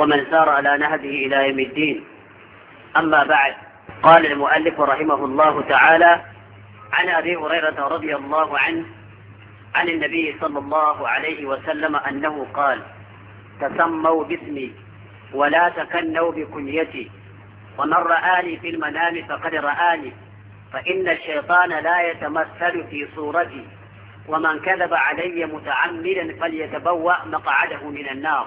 ومن سار على نهجه إلى يوم الدين أما بعد قال المؤلف رحمه الله تعالى عن أبي هريرة رضي الله عنه عن النبي صلى الله عليه وسلم أنه قال تسموا باسمي ولا تكنوا بكنيتي ومن رآني في المنام فقد رآني فإن الشيطان لا يتمثل في صورتي ومن كذب علي متعمدا فليتبوأ مقعده من النار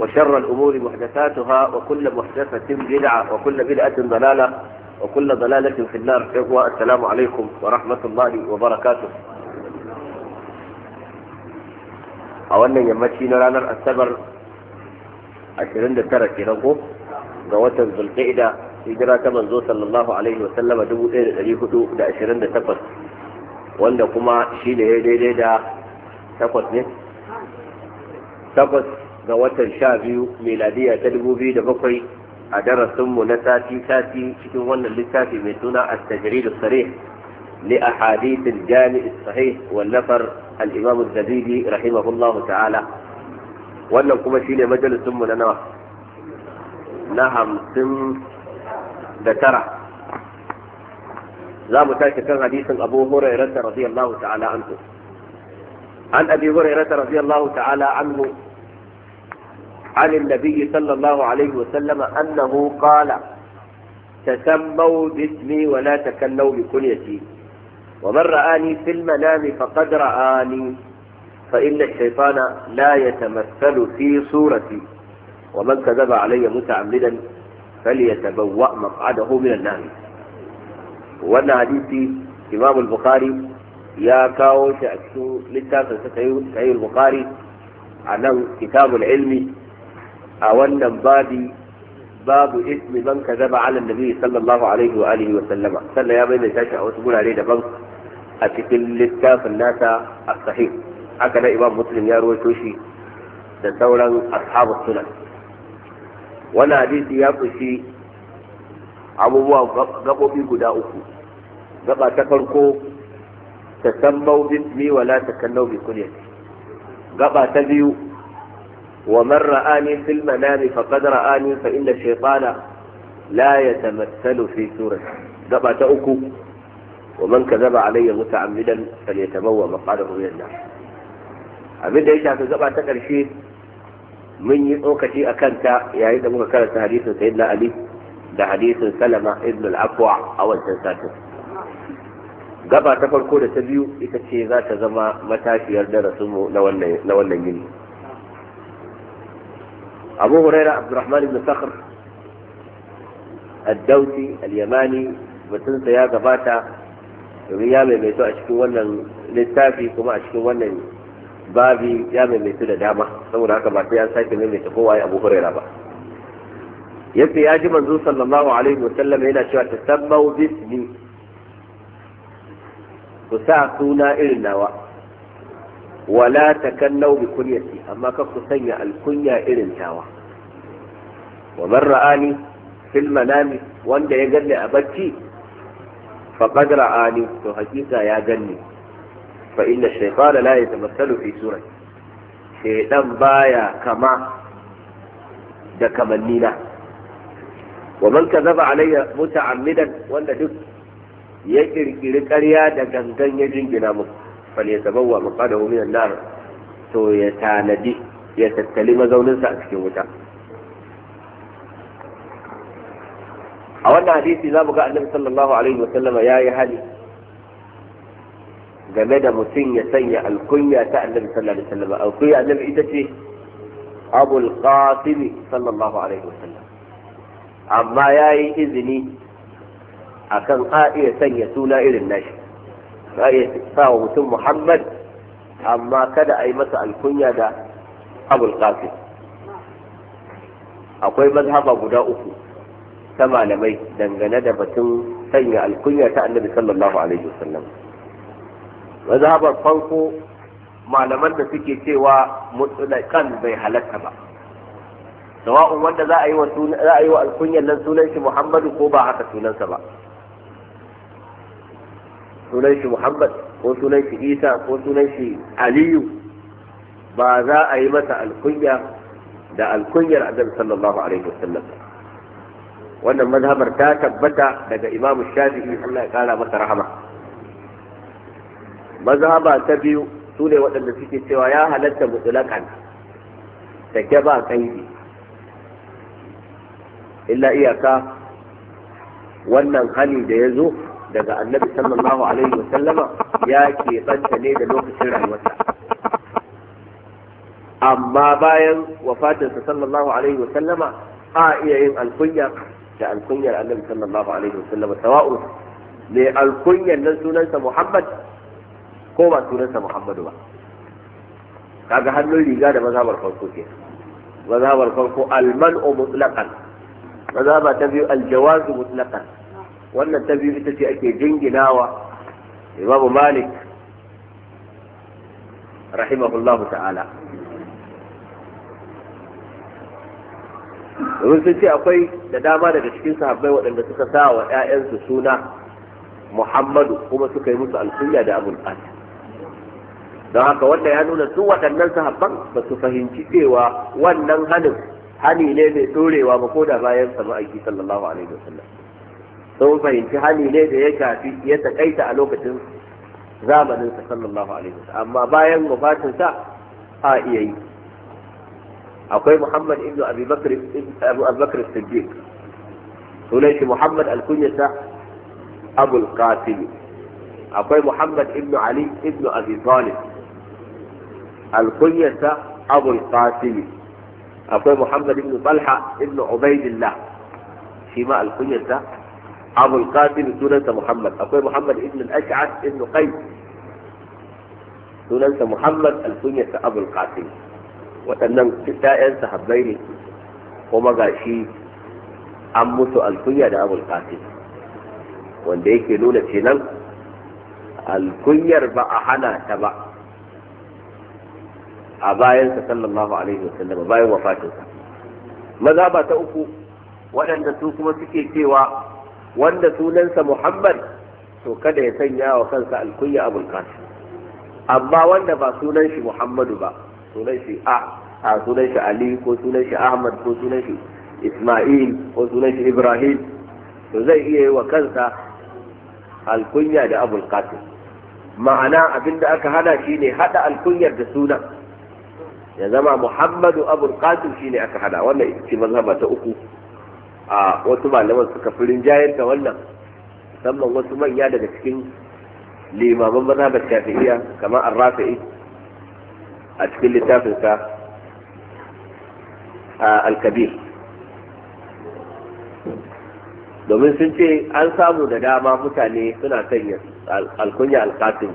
وشر الأمور محدثاتها وكل محدثة بدعة وكل بدعة ضلالة وكل ضلالة في النار السلام عليكم ورحمة الله وبركاته أولا يمتشي نرانا السبر عشرين دكترة كيرانكو غوات ذو القعدة هجرة منزو صلى الله عليه وسلم دبو إير أليهدو دا عشرين دكترة wanda kuma shi ne daidai da takwas ne ga watan sha biyu meladiya ta dubu biyu da bakwai a darasinmu na sati-sati cikin wannan littafi mai suna a tajiridu sare li a hadithin jami'in sahih wallafar al'imamu zabidi rahimahullahu ta'ala wannan kuma shine majalisinmu na nawa na hamsin da tara za mu tashi kan hadisin abu hurairata radiyallahu ta'ala anhu an abi hurairata radiyallahu ta'ala anhu عن النبي صلى الله عليه وسلم أنه قال تسموا باسمي ولا تكنوا بكنيتي ومن رآني في المنام فقد رآني فإن الشيطان لا يتمثل في صورتي ومن كذب علي متعمدا فليتبوأ مقعده من النار وأن حديثي إمام البخاري يا كاو شأكسو لتاسا سيد البخاري عن كتاب العلم a wannan babi babu ismi man kazaba ala nabi sallallahu alaihi wa alihi wa sallama sannan ya bayyana tashi a wasu gurare daban a cikin littafin nasa a sahih haka na imam muslim ya rawaito shi da sauran ashabu sunan wannan hadisi ya kushi abubuwa gabobi guda uku gaba ta farko ta san maubin mi wala ta kan naubi kunyati gaba ta biyu ومن رآني في المنام فقد رآني فإن الشيطان لا يتمثل في سورة قبع تأكو ومن كذب علي متعمدا فليتبوى مقعده من النار abin da ya shafi gaba ta ƙarshe mun yi tsokaci a kanta yayin da muka karanta hadisin sayyidina ali da hadisin salama ibn al-afwa a wancan satin gaba ta farko da ta biyu ita ce za ta zama matashiyar darasinmu na wannan yini أبو هريرة عبد الرحمن بن صخر الدوسي اليماني mutum ya gabata domin ya maimaito a cikin wannan littafi kuma a cikin wannan babi ya maimaito da dama saboda haka ba an sa sake maimaita kowa ya abu huraira ba yace ya ji manzo sallallahu alaihi wasallam yana cewa tasammau bismi ku sa suna irin nawa wala takannau bi kunyati amma ka ku sanya alkunya irin tawa wa man ra'ani fil manami wanda ya ganni a bacci faqad ra'ani to hakika ya ganni fa inna shaytana la yatamassalu fi surati shaytan baya kama da kamannina wa man kadhaba alayya muta'ammidan wanda duk ya kirkiri ƙarya da gangan ya jingina muku falyatabawwa maqadahu min an-nar to ya tanadi ya tattali mazauninsa a cikin wuta a wannan hadisi za mu ga annabi sallallahu ya yi hali game da mutum ya sanya alkunya ta annabi sallallahu alaihi wasallam alkunya ita ce abul qasim amma ya yi izini akan a sanya suna irin nashi a ya sa wa mutum muhammad amma kada a yi masa alkunya da abul qasim akwai mazhaba guda uku ta malamai dangane da batun sanya alkunya ta annabi sallallahu alaihi wasallam mazhabar farko malaman da suke cewa mutsulakan bai halatta ba sawa'un wanda za a yi wa alkunyan nan sunan shi muhammadu ko ba haka sunansa ba sunan shi muhammad ko sunan shi isa ko sunan shi aliyu ba za a yi masa alkunya da alkunyar annabi sallallahu alaihi wasallam wannan mazhabar ta tabbata daga imam shafi'i Allah ya kara masa rahama mazhaba ta biyu su ne waɗanda suke cewa ya halatta mutulakan take ba kaidi illa iyaka wannan hali da ya zo daga annabi sallallahu alaihi wa sallama ya keɓanta ne da lokacin rayuwarsa amma bayan wafatinsa sallallahu alaihi wa sallama a iya yin alkunya da alkunyar annabi sallallahu alaihi wa sallama sawa'u mai alkunyar nan sunansa muhammad ko ba sunansa muhammadu ba kaga hannun riga da mazhabar farko ke mazhabar farko Alman alman'u mutlaqan mazhaba ta biyu aljawazu mutlaqan wannan ta biyu ita ce ake jinginawa imamu malik rahimahullahu ta'ala domin sun ce akwai da dama daga cikin sahabbai waɗanda suka sa wa 'ya'yansu suna muhammadu kuma suka yi musu alkunya da abul don haka wanda ya nuna su waɗannan sahabban ba su fahimci cewa wannan hanin hani ne mai ɗorewa ba ko da bayan sama aiki sallallahu alaihi wasallam sun fahimci hali ne da ya shafi ya takaita a lokacin zamanin sa sallallahu alaihi wasallam amma bayan wafatin sa a iya yi akwai Muhammad ibnu Abi Bakr Abu Bakr Siddiq sunan shi Muhammad al-Kunyata Abu al-Qasim akwai Muhammad ibnu Ali ibnu Abi Talib al-Kunyata Abu al-Qasim akwai Muhammad ibnu Talha ibnu Ubaidillah shi ma al-Kunyata abul qasim sunansa muhammad akwai muhammad ibn al-ash'ath ibn qais sunansa muhammad al abul qasim waɗannan ɗayan sahabbai ne kuma gashi an mutu alkunya da abul qasim wanda yake nuna kenan alkunyar ba hana ta ba a bayansa sallallahu alaihi wasallam bayan maza ba ta uku waɗanda kuma suke cewa wanda sunansa muhammad to kada ya sanya wa kansa alkunya abul qasim amma wanda ba sunan shi muhammadu ba sunan shi a a sunan shi ali ko sunan shi ahmad ko sunan shi isma'il ko sunan shi ibrahim to zai iya yi wa kansa alkunya da abul qasim ma'ana abinda aka hana shi ne hada alkunyar da suna ya zama muhammadu abul qasim shine aka hada wannan ita ce mazhaba ta uku a wasu malaman suka fi rinjayar da wannan musamman wasu manya daga cikin limaman da shafi'iyya kamar arrafi'i a cikin littafinsa al-kabir domin sun ce an samu da dama mutane suna sanya alkunya alkatin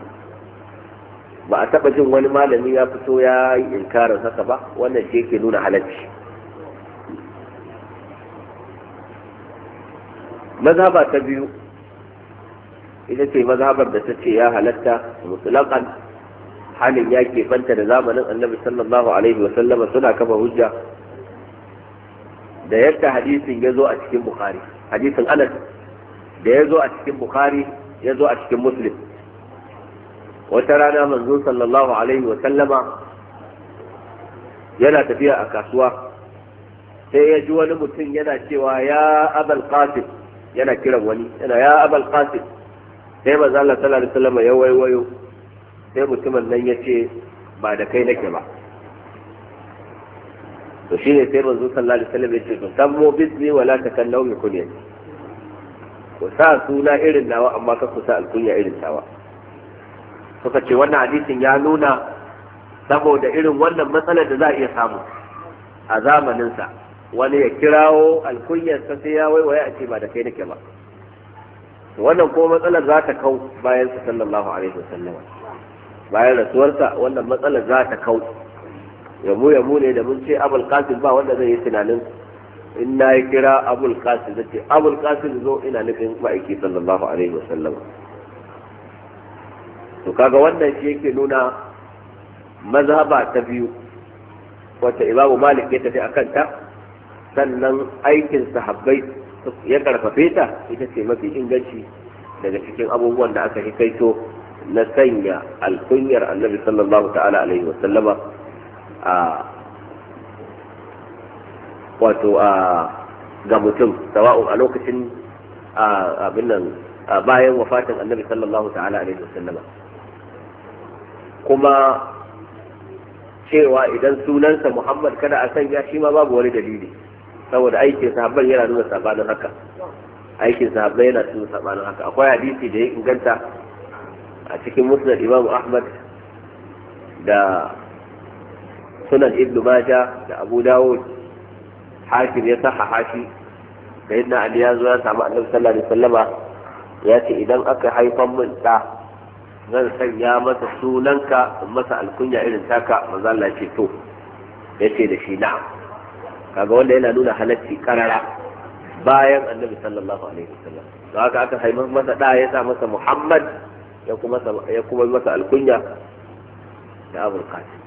ba a taɓa jin wani malami ya fito ya yi inkarin haka ba wannan ke nuna halacci mazhaba ta biyu ita ce mazhabar da ta ce ya halatta mutlaqan halin ya banta da zamanin annabi sallallahu alaihi wa sallama suna kafa hujja da yadda hadisin ya zo a cikin bukhari hadisin anas da ya zo a cikin bukhari ya zo a cikin muslim wata rana manzo sallallahu alaihi wa sallama yana tafiya a kasuwa sai ya ji wani mutum yana cewa ya abal qasim yana kiran wani yana ya abal qasim sai manzo Allah sallallahu alaihi wasallam ya waiwayo sai mutumin nan yace ba da kai nake ba to shine sai manzo sallallahu alaihi wasallam yace to sammo bizni wala takallu mi kunyati ku sa suna irin nawa amma ka ku sa alkunya irin tawa suka ce wannan hadisin ya nuna saboda irin wannan matsalar da za a iya samu a zamaninsa wani ya kirawo alkunyarsa sai ya waiwaye a ce ba da kai nake ba wannan ko matsalar za ta kau bayan sa sallallahu alaihi wasallam bayan rasuwarsa wannan matsalar za ta kau yamu yamu ne da mun ce abul qasim ba wanda zai yi tunanin in na yi kira abul qasim zai ce abul qasim zo ina nufin ma'aiki sallallahu alaihi wasallam to kaga wannan shi yake nuna mazhaba ta biyu wacce imamu malik ya tafi akan ta sannan aikin sahabbai ya karfafe ta ita ce mafi inganci daga cikin abubuwan da aka hikaito na sanya alkunyar annabi sallallahu ta'ala alaihi wasallama a wato a ga mutum sawa'u a lokacin abin nan bayan wafatin annabi sallallahu ta'ala alaihi wasallama kuma cewa idan sunansa muhammad kada a sanya shi ma babu wani dalili saboda aikin sahabban yana nuna sabanin haka aikin sahabban yana nuna sabanin haka akwai hadisi da ya inganta a cikin musnad imam ahmad da sunan ibnu maja da abu dawud hakim ya saha hashi da yadda ali ya zo ya samu annabi sallallahu alaihi wasallama ya ce idan aka haifan min da zan sanya masa sunanka in masa alkunya irin taka manzo Allah ya ce to yace da shi na'am kaga wanda yana nuna halacci karara bayan annabi sallallahu alaihi wasallam to haka aka haifa masa da ya sa masa muhammad ya kuma ya kuma masa alkunya da abul qasim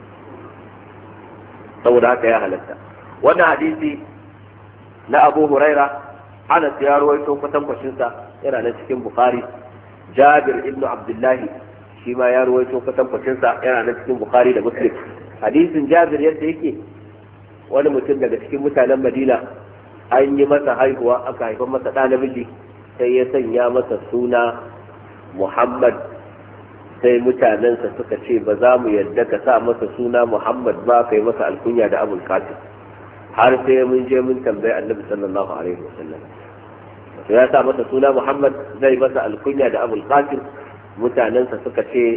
saboda haka ya halatta wannan hadisi na abu huraira anas ya ruwaito kwashin sa yana nan cikin bukhari jabir ibnu abdullahi shi ma ya ruwaito kwashin sa yana nan cikin bukhari da muslim hadisin jabir yadda yake wani mutum daga cikin mutanen madina an yi masa haihuwa aka haifar masa ɗa namiji sai ya sanya masa suna muhammad sai mutanensa suka ce ba za mu yadda ka sa masa suna muhammad ba kai masa alkunya da abul katin har sai mun je mun tambayi annabi sallallahu alaihi wasallam to ya sa masa suna muhammad zai masa alkunya da abul katin mutanensa suka ce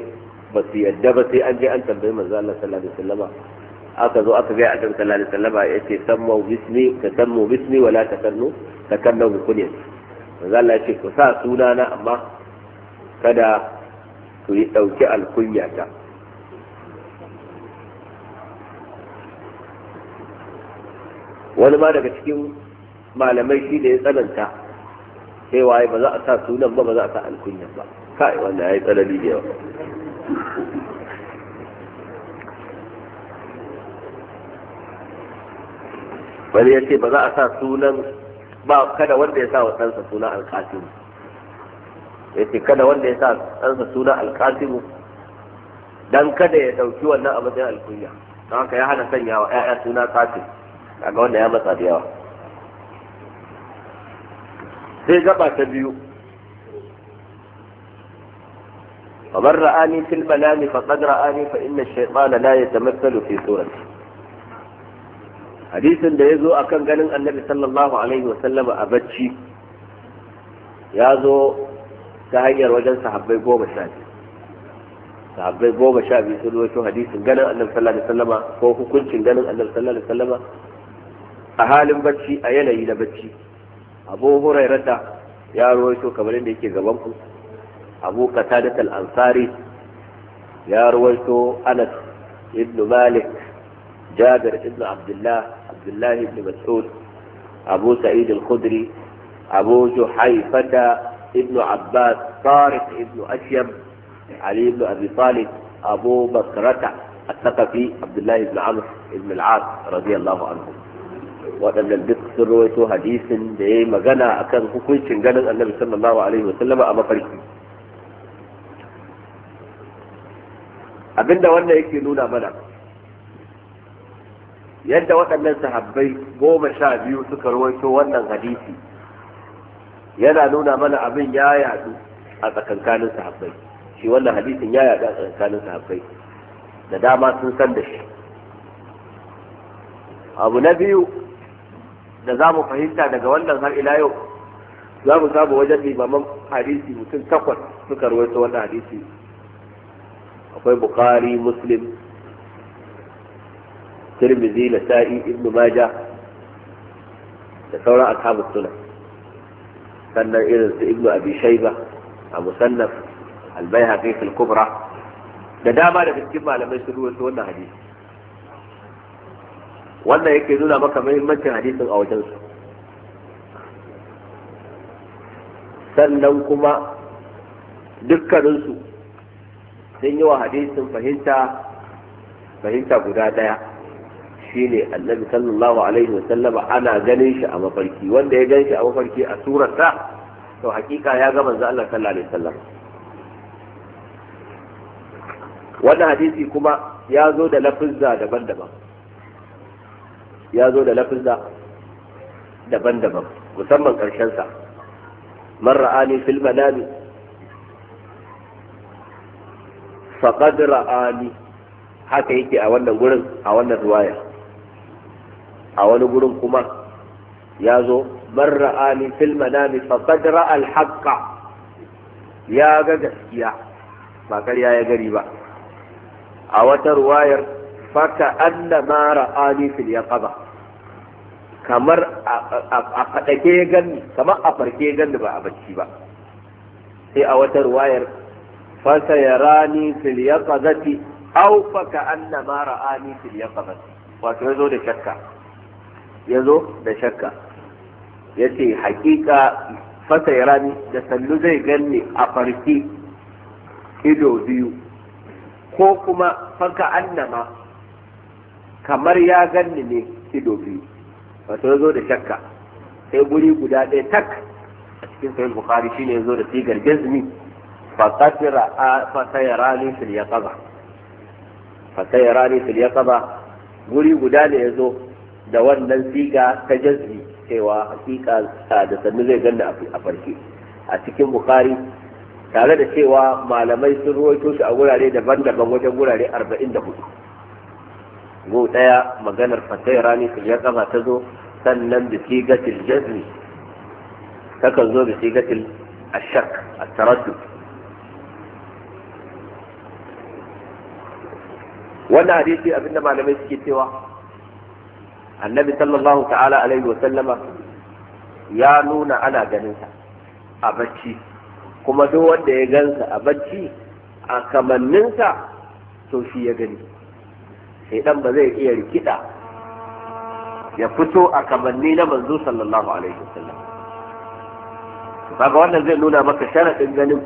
ba su yadda ba sai an je an tambayi manzo Allah sallallahu alaihi wasallama aka zo aka gaya annabi sallallahu alaihi wasallam ya ce sammu bismi ka sammu bismi wala sannu ka kallo bi kunyati manzo Allah ya ce ku sa sunana amma kada ku yi dauki alkunyata wani ma daga cikin malamai shi da ya tsananta sai waye ba za a sa sunan ba ba za a sa alkunya ba kai wannan ya yi tsanani da yawa bari ya ce ba za a sa sunan ba kada wanda ya sa wa ɗansa suna alƙasimu ya ce kada wanda ya sa ɗansa suna alƙasimu don kada ya ɗauki wannan a matsayin alkunya don haka ya hana sanya wa 'ya'ya suna ƙasim kaga wanda ya matsa da yawa sai gaba ta biyu ومن رآني في المنام فقد رآني فإن الشيطان لا يتمثل في صورتي hadisin da ya zo a kan ganin annabi sallallahu alaihi wasallama a bacci ya zo ta hanyar wajen sahabbai goma sha biyu sahabbai goma sha biyu sun rawaito hadisin ganin annabi sallallahu alaihi wasallama ko hukuncin ganin annabi sallallahu alaihi wasallama a halin bacci a yanayi na bacci abu hurairata ya rawaito kamar yadda yake gaban ku abu qatadat al-ansari ya rawaito anas ibn malik jabir ibn abdullah عبد الله بن مسعود أبو سعيد الخدري أبو جحيفة ابن عباس طارق ابن أشيم علي بن أبي طالب أبو بكرة الثقفي عبد الله بن عمرو بن العاص رضي الله عنه وأن البق سرويت حديث بما غنى أكان كويش غنى النبي صلى الله عليه وسلم أما فريق أبن وأن يكي نونا منع yadda waɗannan sahabbai goma sha biyu suka rawaito wannan hadisi yana nuna mana abin ya yadu a tsakankanin sahabbai shi wannan hadisin ya yadu a tsakankanin sahabbai da dama sun san da shi abu na biyu da za mu fahimta daga wannan har ila yau za mu samu wajen limaman hadisi mutum takwas suka rawaito wannan hadisi akwai bukari muslim tirmidhi nasa'i ibnu majah da sauran ashabu sunan sannan irin su ibnu abi shayba a musannaf al-baihaqi kubra da dama daga cikin malamai sun ruwaito wannan hadisi wannan yake nuna maka muhimmancin hadisin a wajen su sannan kuma dukkaninsu sun yi wa hadisin fahimta fahimta guda daya shine annabi sallallahu alaihi wasallam ana ganin shi a mafarki wanda ya gan shi a mafarki a surarsa to hakika ya ga manzo Allah sallallahu alaihi wasallam wannan hadisi kuma ya zo da lafizza daban-daban ya zo da lafizza daban-daban musamman karshen sa man ra'ani fil manami faqad ra'ani haka yake a wannan gurin a wannan ruwaya a wani gurin kuma ya zo man ra'ani filma manami faqad alhaka, ya ga gaskiya ba ƙarya ya gari ba a wata ruwayar faka fil kamar a kamar a farke ganni ba a bacci ba sai a wata ruwayar fasa yarani fil yaqazati aw faka fil wato yazo da shakka ya zo da shakka ya ce hakika fasa ya rani da sallu zai ganni a farki ido biyu ko kuma fanka annama kamar ya ganni ne ido biyu wato ya zo da shakka sai guri guda ɗaya tak a cikin bukari shi ne ya zo da sigar jazmi fa qatira fa sayarani fil yaqaba fa sayarani fil kaba guri guda da ya zo da wannan siga ta jazbi cewa hakika da sannu zai ganna a farke a cikin bukari tare da cewa malamai sun ruwaito shi a gurare daban-daban wajen gurare 44 go daya maganar fatai rani ya kama ta zo sannan da sigatil jazmi takan zo da sigatil ashak a taraddu wannan hadisi abinda malamai suke cewa annabi sallallahu ta'ala alaihi wa sallama ya nuna ana ganinsa a bacci kuma duk wanda ya gansa a bacci a kamanninsa to shi ya gani Sai dan ba zai iya rikida ya fito a kamanni na manzo sallallahu alaihi sallam. kaga wannan zai nuna maka sharadin ganin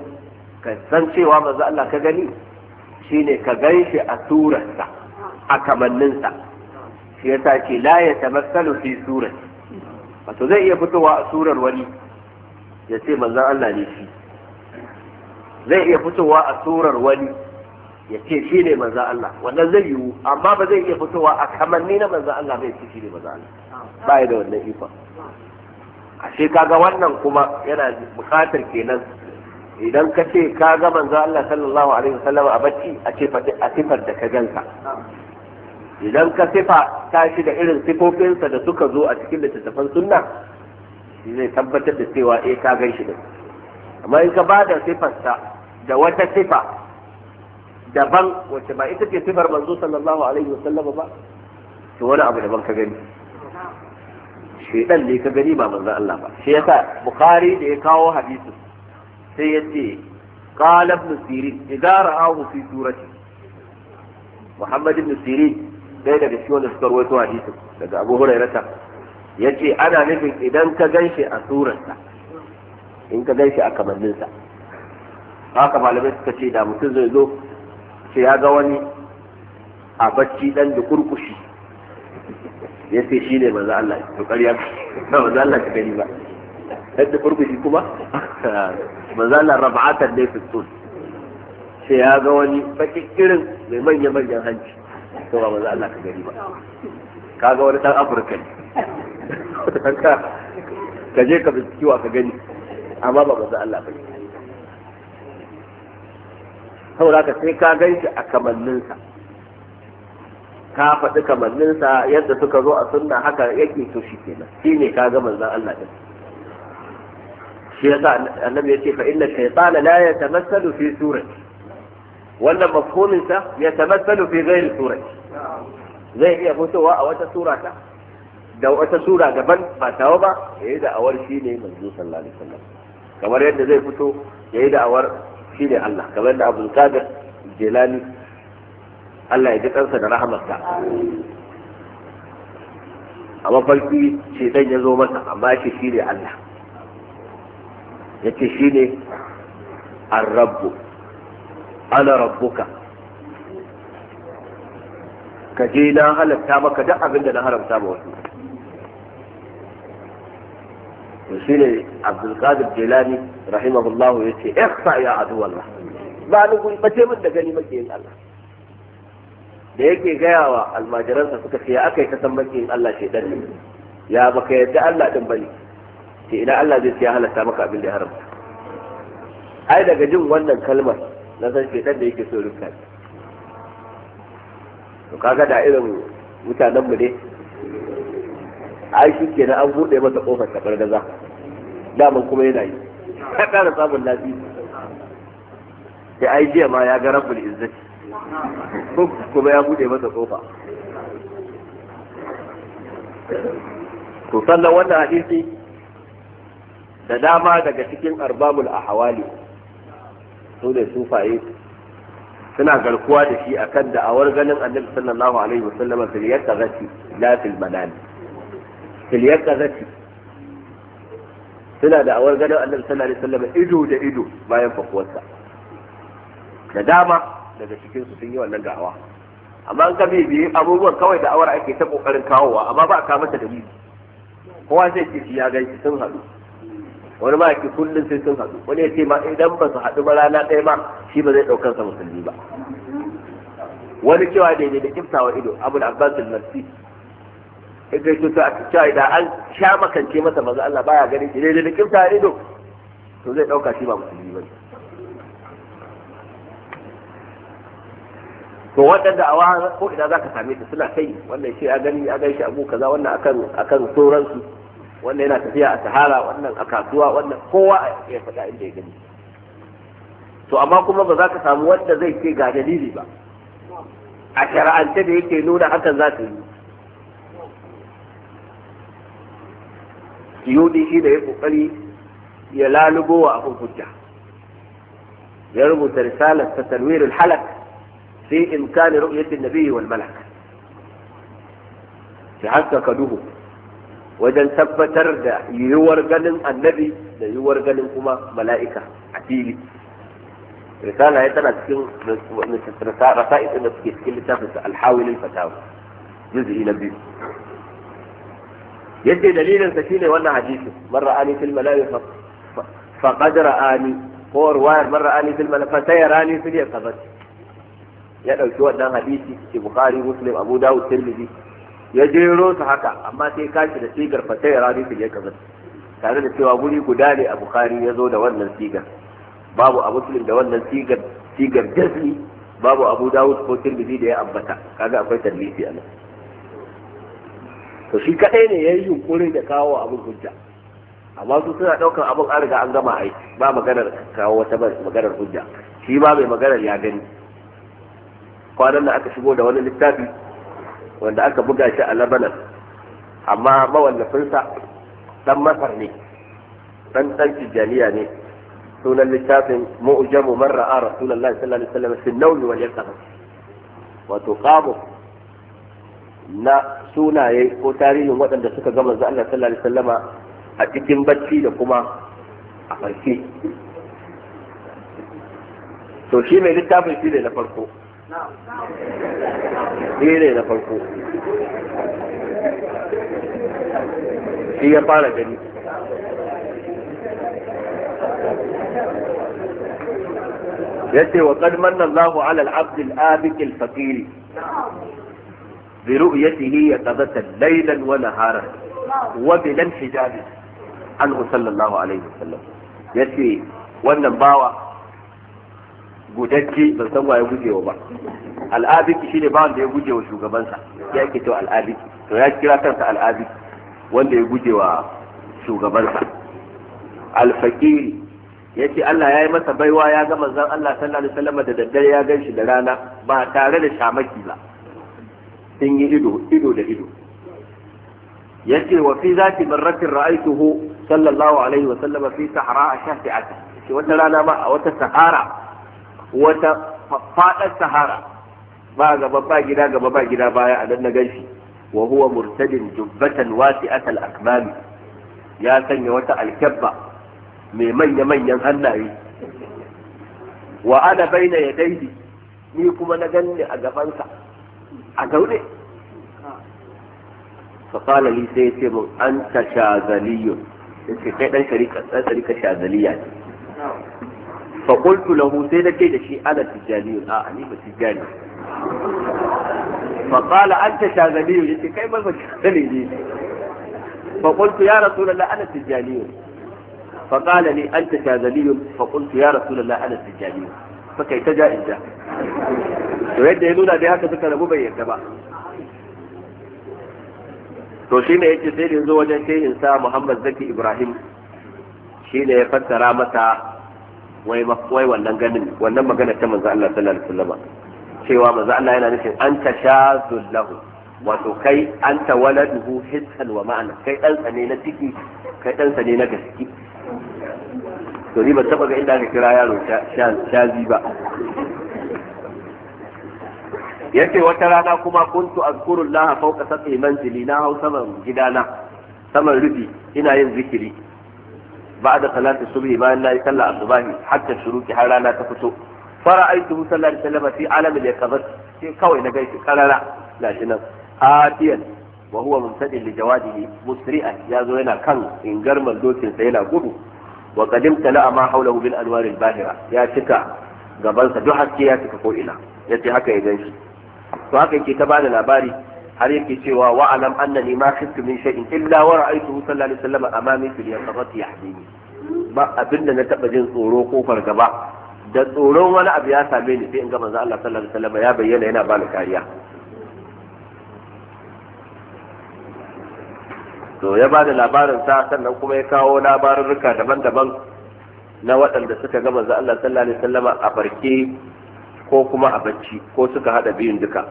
ka san cewa manzo Allah ka gani shine ka ganshi a turarsa a kamanninsa shi yasa ce la ya tamassalu fi surat wato zai iya fitowa a surar wani ya ce manzon Allah ne shi zai iya fitowa a surar wani ya ce shi ne manzon Allah wannan zai yiwu amma ba zai iya fitowa a kamanni na manzon Allah bai ce shi ne manzon Allah ba da wannan ifa ashe kaga wannan kuma yana bukatar kenan idan ka ce ka ga manzo Allah sallallahu alaihi wasallam a bacci a ce a sifar da ka ganka idan ka sifa ta shi da irin sifofinsa da suka zo a cikin littattafan sunna shi zai tabbatar da cewa eh ka gan shi da amma in ka ba da sifarsa da wata sifa daban wacce ba ita ce sifar manzo sallallahu alaihi sallama ba to wani abu daban ka gani shedan ne ka gani ba manzo Allah ba shi yasa bukhari da ya kawo hadisi sai ya ce qala ibn sirin idza ra'ahu fi surati muhammad ibn sirin ɗaya daga cikin wanda suka ruwaito hadisi daga Abu Hurairah yace ana nufin idan ka ganshi a surarsa in ka ganshi a kamanninsa haka malamai suka ce da mutum zai zo sai ya ga wani a bacci dan da kurkushi ya ce shi ne manzo Allah to ƙarya ba manzo Allah ka gani ba dan da kurkushi kuma manzo Allah rab'atan ne fi sun sai ya ga wani bakin irin mai manyan manyan hanci to ba za Allah ka gani ba kaga wani dan Afirka ne ka je ka bincike wa ka gani amma ba za Allah ba saboda ka sai ka gan shi a kamanninsa ka faɗi kamanninsa yadda suka zo a sunna haka yake to shi kenan shi ne ka ga manzon Allah din shi yasa annabi yace fa inna shaytana la yatamassalu fi surati wannan mafhumin sa ya tamassalu fi ghairi surati zai iya fitowa a wata sura ta da wata sura daban ba tawa ba yayi da awar shine manzo sallallahu alaihi wasallam kamar yadda zai fito ya yi da awar shine Allah kamar yadda Abdul Qadir Jilani Allah ya ji kansa da rahamarsa a mafarki shedan ya zo masa amma shi ce shine Allah ya ce shine ar-rabbu ana rabbuka ka je na halatta maka duk abin da na haramta ba wasu to shi ne abdulkadir jelani rahimahullahu ya ce ihsa ya adu wallah ba ni guri bace min da gani yin Allah da yake gaya wa almajiransa suka ce ya aka yi kasan yin Allah shaidan ne ya baka yadda Allah din bane ce ina Allah zai ce ya halatta maka abin da ya haramta ai daga jin wannan kalmar na san shekar da yake so rufka to kaga da irin mutanen mu ne ai shi na an buɗe masa kofar ta gaza. daman kuma yana yi ka ƙara samun lafiya sai ai jiya ma ya ga rabbul izzati kuma ya buɗe masa kofa to sannan wannan hadisi da dama daga cikin arbabul ahwali su ne sufaye suna garkuwa da shi akan da'awar ganin annabi sallallahu alaihi wasallam fil yaqazati la fil manan fil yaqazati suna da'awar ganin annabi sallallahu alaihi wasallam ido da ido bayan fakuwarsa da dama daga cikin su sun yi wannan da'awa amma an ka bibiye abubuwan kawai da'awar ake ta kokarin kawowa amma ba a mata dalili kowa zai ce ya gaishe sun haɗu wani ma yake kullum sai sun haɗu wani ya ce ma idan ba su haɗu ba rana ɗaya ma shi ba zai ɗaukar sa musulmi ba wani cewa daidai da kiftawa ido abu da abbas al-nafsi in kai to cewa idan an sha makance masa manzo Allah baya ganin shi daidai da kiftawa ido to zai ɗauka shi ba musulmi ba to waɗanda a wa ko ina zaka same su suna kai wannan shi ya gani ya gaishe abu kaza wannan akan akan sauransu wannan yana tafiya a sahara wannan a kasuwa wannan kowa ya faɗa inda ya gani to amma kuma ba za ka samu wanda zai ce ga dalili ba a shari'ance da yake nuna hakan za ta yi siyudi shi da ya kokari ya lalubo wa abin hujja ya rubuta risalar ta tarwirin halak sai fi imkani ru'yatin nabi wal malak haska haskaka duhu wajen tabbatar da yiwuwar ganin annabi da yiwuwar ganin kuma mala'ika a fili risala ya tana cikin rasa'id da suke cikin littafin sa alhawilin fatawa juz'i na biyu yace dalilin sa shine wannan hadisi marra ani fil mala’i fa kadara ani ko riwayar marra ani fil mala’i fa sayar ani fil ya yaqabat ya ɗauki wannan hadisi ke bukhari muslim abu dawud tirmidhi ya jero su haka amma sai kashi da sigar ya rani su ya kaza tare da cewa guri guda ne a bukari ya zo da wannan sigar babu a muslim da wannan sigar sigar jazmi babu abu dawud ko tirmidhi da ya ambata kaga akwai tadlisi a nan to shi kadai ne yayi yunkurin da kawo abin hujja amma su suna daukar abin an riga an gama aiki ba maganar kawo wata maganar hujja shi ba mai maganar ya gani kwanan da aka shigo da wani littafi wanda aka buga shi a labanan amma mawallafinsa dan masar ne dan dan tijaniya ne sunan littafin mu'jamu man ra'a rasulullahi sallallahu alaihi wasallam fi nawl wal yaqab wato qamu na sunaye ko tarihin waɗanda suka ga manzo Allah sallallahu alaihi wasallama a cikin bacci da kuma a farki to shi mai littafin shi ne na farko إيه هي ليلة فالقوة هي طالة جديد يتي وقد من الله على العبد الآبك الفقير برؤيته يقضت ليلا ونهارا وبلا انحجابه عنه صلى الله عليه وسلم يتي وانا باوة gudacce ban san waye gujewa ba al'abiki shine ba wanda ya gujewa shugabansa ya ke cewa al'abiki to ya kira kansa al'abiki wanda ya gujewa shugabansa alfaqiri yace Allah ya yi masa baiwa ya ga manzon Allah sallallahu alaihi wasallam da daddare ya ganshi da rana ba tare da shamaki ba sun yi ido ido da ido yace wa fi zati barratin ra'aituhu sallallahu alaihi wasallam fi sahara shati'ati shi wata rana ba a wata sahara wata faɗar sahara ba gaba ba gida gaba ba gida baya a nan na ganshi wa huwa murtadin jubbatan wasi'at al-akmami ya sanya wata alkabba mai manya manyan hannaye wa ana baina yadayhi ni kuma na ganni a gabansa a gaune fa qala li sai ce mun anta shazaliyun sai kai dan shari'a dan sharika shazaliya ne fa qultu lahu sai nace da shi ana tijani a ani ba tijani fa qala anta shazali yace kai ba shazali ne fa qultu ya rasulullah ana tijani fa qala li anta shazali fa qultu ya rasulullah ana tijani suka yi ta ja'in ja to yadda ya nuna dai haka suka rabu bai yarda ba to shi ne yake sai da yanzu wajen shehin sa Muhammad Zaki Ibrahim shi ne ya fassara masa wai wai wannan ganin wannan magana ta manzo Allah sallallahu alaihi wasallam cewa manzo Allah yana nufin anta shazul lahu wato kai anta waladuhu hissan wa ma'ana kai dan tsane na ciki kai dan tsane na gaski to ni ba taba ga inda aka kira yaro shazi ba yace wata rana kuma kuntu azkurullaha fawqa sat'i manzili na hau saman gidana saman rubi, ina yin zikiri Ba da salati subhi bayan nayi sallah asubahi hatta shuruki har rana ta fito fara'aituhu sallallahu alaihi wasallam fi alam al-yaqabat sai kawai na gaishe karara gashi nan atiyan wa huwa mumtadin li jawadihi musri'an yazo yana kan ingarman dokin yana gudu wa qadim tala ma hawlahu bil anwar al-bahira ya cika gabansa duk haske ya cika ko ina yace haka ya ganshi to haka yake ta da labari har yake cewa wa alam annani ma khiftu min shay'in illa wa ra'aytuhu sallallahu alaihi wasallam amami fil yaqati yahdini ba abinda na taba jin tsoro ko fargaba da tsoron wani abu ya same ni sai in ga manzo Allah sallallahu alaihi wasallam ya bayyana yana bani kariya to ya bada labarin sa sannan kuma ya kawo labarin labarurruka daban-daban na waɗanda suka ga manzo Allah sallallahu alaihi wasallam a barke ko kuma a bacci ko suka hada biyun duka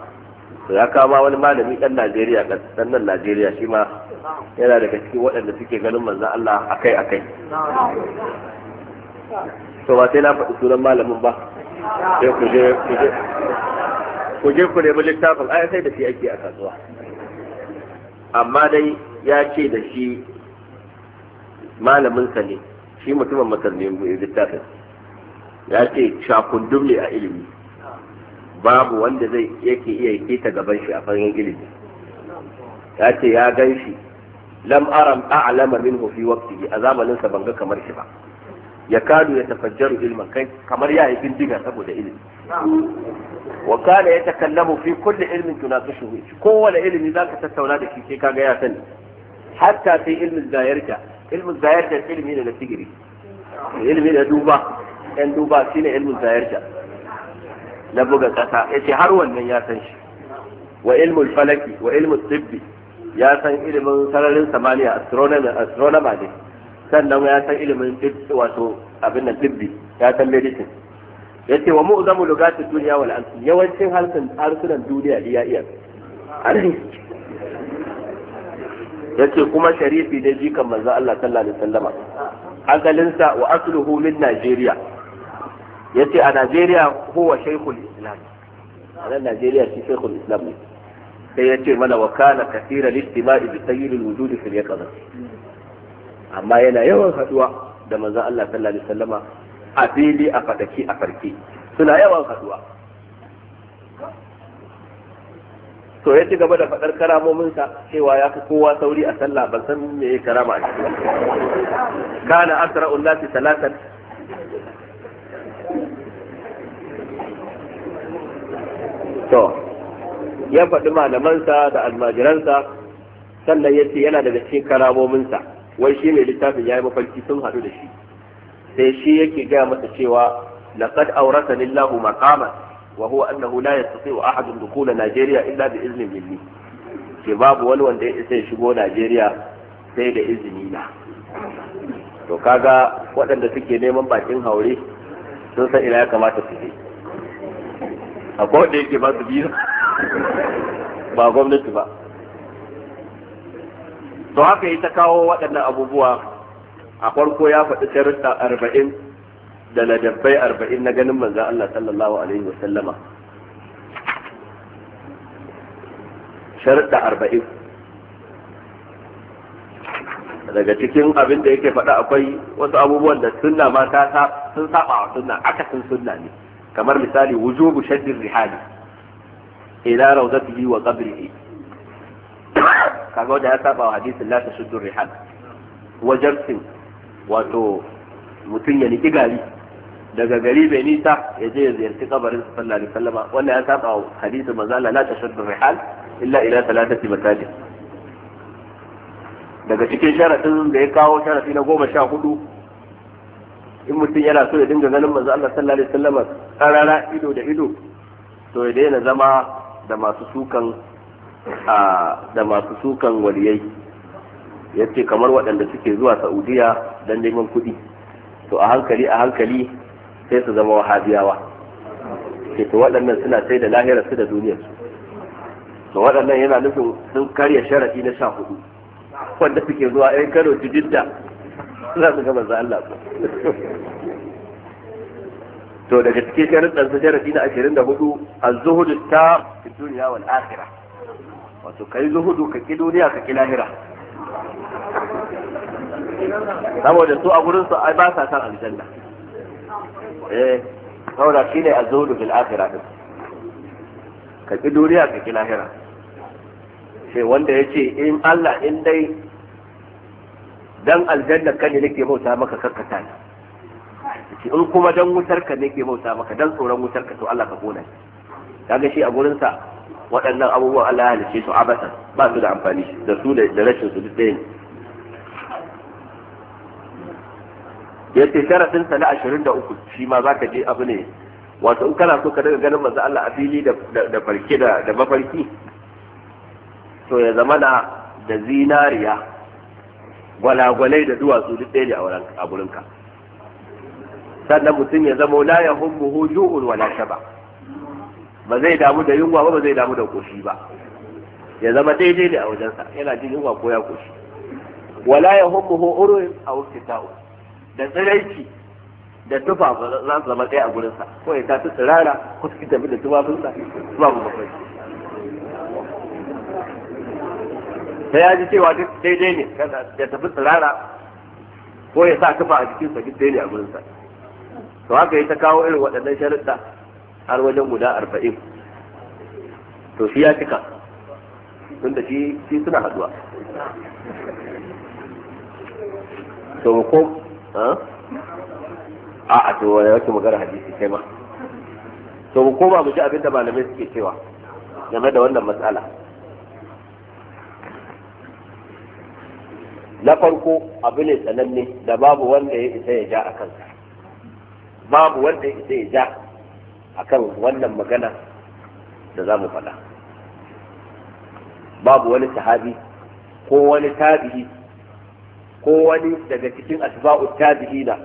to ya kama wani malami dan Najeriya dan nan Najeriya shi ma yana daga cikin waɗanda suke ganin manzon Allah akai akai to ba sai na faɗi sunan malamin ba sai ku je ku je ku nemi littafin ai sai da shi ake a kasuwa amma dai ya ce da shi malamin sa ne shi mutumin masarnin littafin ya ce shakundum ne a ilimi babu wanda zai yake iya keta gaban shi a fannin ilimi ya ce ya gan shi lam aram alamar min hofi waqtihi a zamanin sa banga kamar shi ba ya kadu ya tafajjaru ilman kai kamar ya yi bindiga saboda ilimi wa kana ya takallamu fi kulli ilmin tunaqishuhu kowane ilimi zaka tattauna da shi sai kaga ya sani hatta sai ilmin zayarta ilmin zayarta ilimi ne na sigiri ilimi da duba ɗan duba shine ilmin zayarta na buga ƙasa ya ce har wannan ya san shi wa ilmul falaki wa ilmul tibbi ya san ilimin sararin samaniya astronomer ne sannan ya san ilimin wato abin nan tibbi ya san medicine ya ce wa mu'zamu lugatid duniya wal amsi yawancin harsunan duniya iya iya ya ce kuma sharifi ne jikan manzo Allah sallallahu alaihi wasallama asalinsa wa asluhu min Najeriya yace a Najeriya huwa shaykhul islam a nan Najeriya shi shaykhul islam ne sai yace mana wa kana kasira listima'i bi sayyidil wujud fil yaqza amma yana yawan haduwa da manzo Allah sallallahu alaihi wasallama a fili a fadaki a farki suna yawan haduwa to ya ci gaba da faɗar sa cewa ya fi kowa sauri a sallah ban san me ya karama a cikin kana Asra nasi salatan to ya faɗi malamansa da almajiransa sannan ya ce yana daga cikin karamominsa wai shi mai littafin ya yi mafarki sun haɗu da shi sai shi yake gaya masa cewa laqad awrasani lillahu maqaman wa huwa annahu la yastati'u ahadun dukula Najeriya illa bi iznin minni ke babu wani wanda ya isa ya shigo Najeriya sai da izini na to kaga waɗanda suke neman bakin haure sun san ina ya kamata su je A wanda yake ba su biza ba gwamnati ba to haka yi ta kawo waɗannan abubuwa a farko ya faɗi sharuɗa arba'in da ladabbai arba'in na ganin manzan Allah sallallahu alaihi wasallama sharuɗa arba'in daga cikin abin da yake faɗa akwai wasu abubuwan da sunna ma ta sun saba wa sunna akasin sunna ne kamar misali wujubu shaddin rihali ila rawdatihi wa qabrihi kaga wanda ya saba wa hadisin la tashuddu rihal wajarsin wato mutun ya niki gari daga gari bai nisa ya je ya ziyarci kabarin sallallahu alaihi wasallama wannan ya saba wa hadisin manzo Allah la tashuddu rihal illa ila thalathati masajid daga cikin sharafin da ya kawo sharadi na goma sha hudu in mutum yana so ya dinga ganin manzo Allah sallallahu alaihi wasallam karara ido da ido to ya daina zama da masu sukan da masu sukan waliyai yace kamar waɗanda suke zuwa Saudiya dan neman kuɗi to a hankali a hankali sai su zama wahabiyawa ke to waɗannan suna sai da lahirar su da duniyar to waɗannan yana nufin sun karya sharafi na sha hudu wanda suke zuwa ɗan eh, kano jidda za su ga za Allah ba to daga cikin sharuɗan sa ashirin na 24 az-zuhudu ta fi dunya wal akhirah wato kai zuhudu ka ki duniya ka ki lahira saboda su a gurin su ai ba sa san aljanna eh saboda shine az-zuhudu fil akhirah din ka ki duniya ka ki lahira sai wanda yace in Allah in dai dan aljanna ka ne nake bauta maka karkata ni ce in kuma dan wutar ka nake bauta maka dan tsoron wutar ka to Allah ka kona kaga shi a gurin sa waɗannan abubuwan Allah ya halice su abasan ba su da amfani da su da rashin su duk ɗaya ce sharadin sa na 23 shi ma zaka je abu ne wato in kana so ka daga ganin manzo Allah a fili da da da mafarki to ya zama na da zinariya gwalagwalai da duwatsu duk ɗaya ne a wurinka sannan mutum ya zama la ya hummuhu ju'un wala shaba ba zai damu da yunwa ba ba zai damu da koshi ba ya zama daidai ne a wajensa yana jin yunwa ko ya koshi wala ya hummuhu urun a ta'u, da tsiraici da tufa za su zama ɗaya a gurinsa ko ya tafi tsirara ko su tafi da tufafinsa mu mafarki sai ya ji cewa duk daidai ne ya tafi tsirara ko ya sa kafa a jikinsa duk daidai a gurinsa to haka ya ta kawo irin waɗannan sharuɗa har wajen guda arba'in to shi ya cika da shi shi suna haduwa to ko a a to ya wace magana hadisi kai ma to mu koma mu ji abinda malamai suke cewa game da wannan matsala na farko abu ne tsananne da babu wanda ya isa ya ja a kansa babu wanda ya isa ya ja a kan wannan magana da za mu faɗa babu wani sahabi ko wani tabi'i ko wani daga cikin asba'u na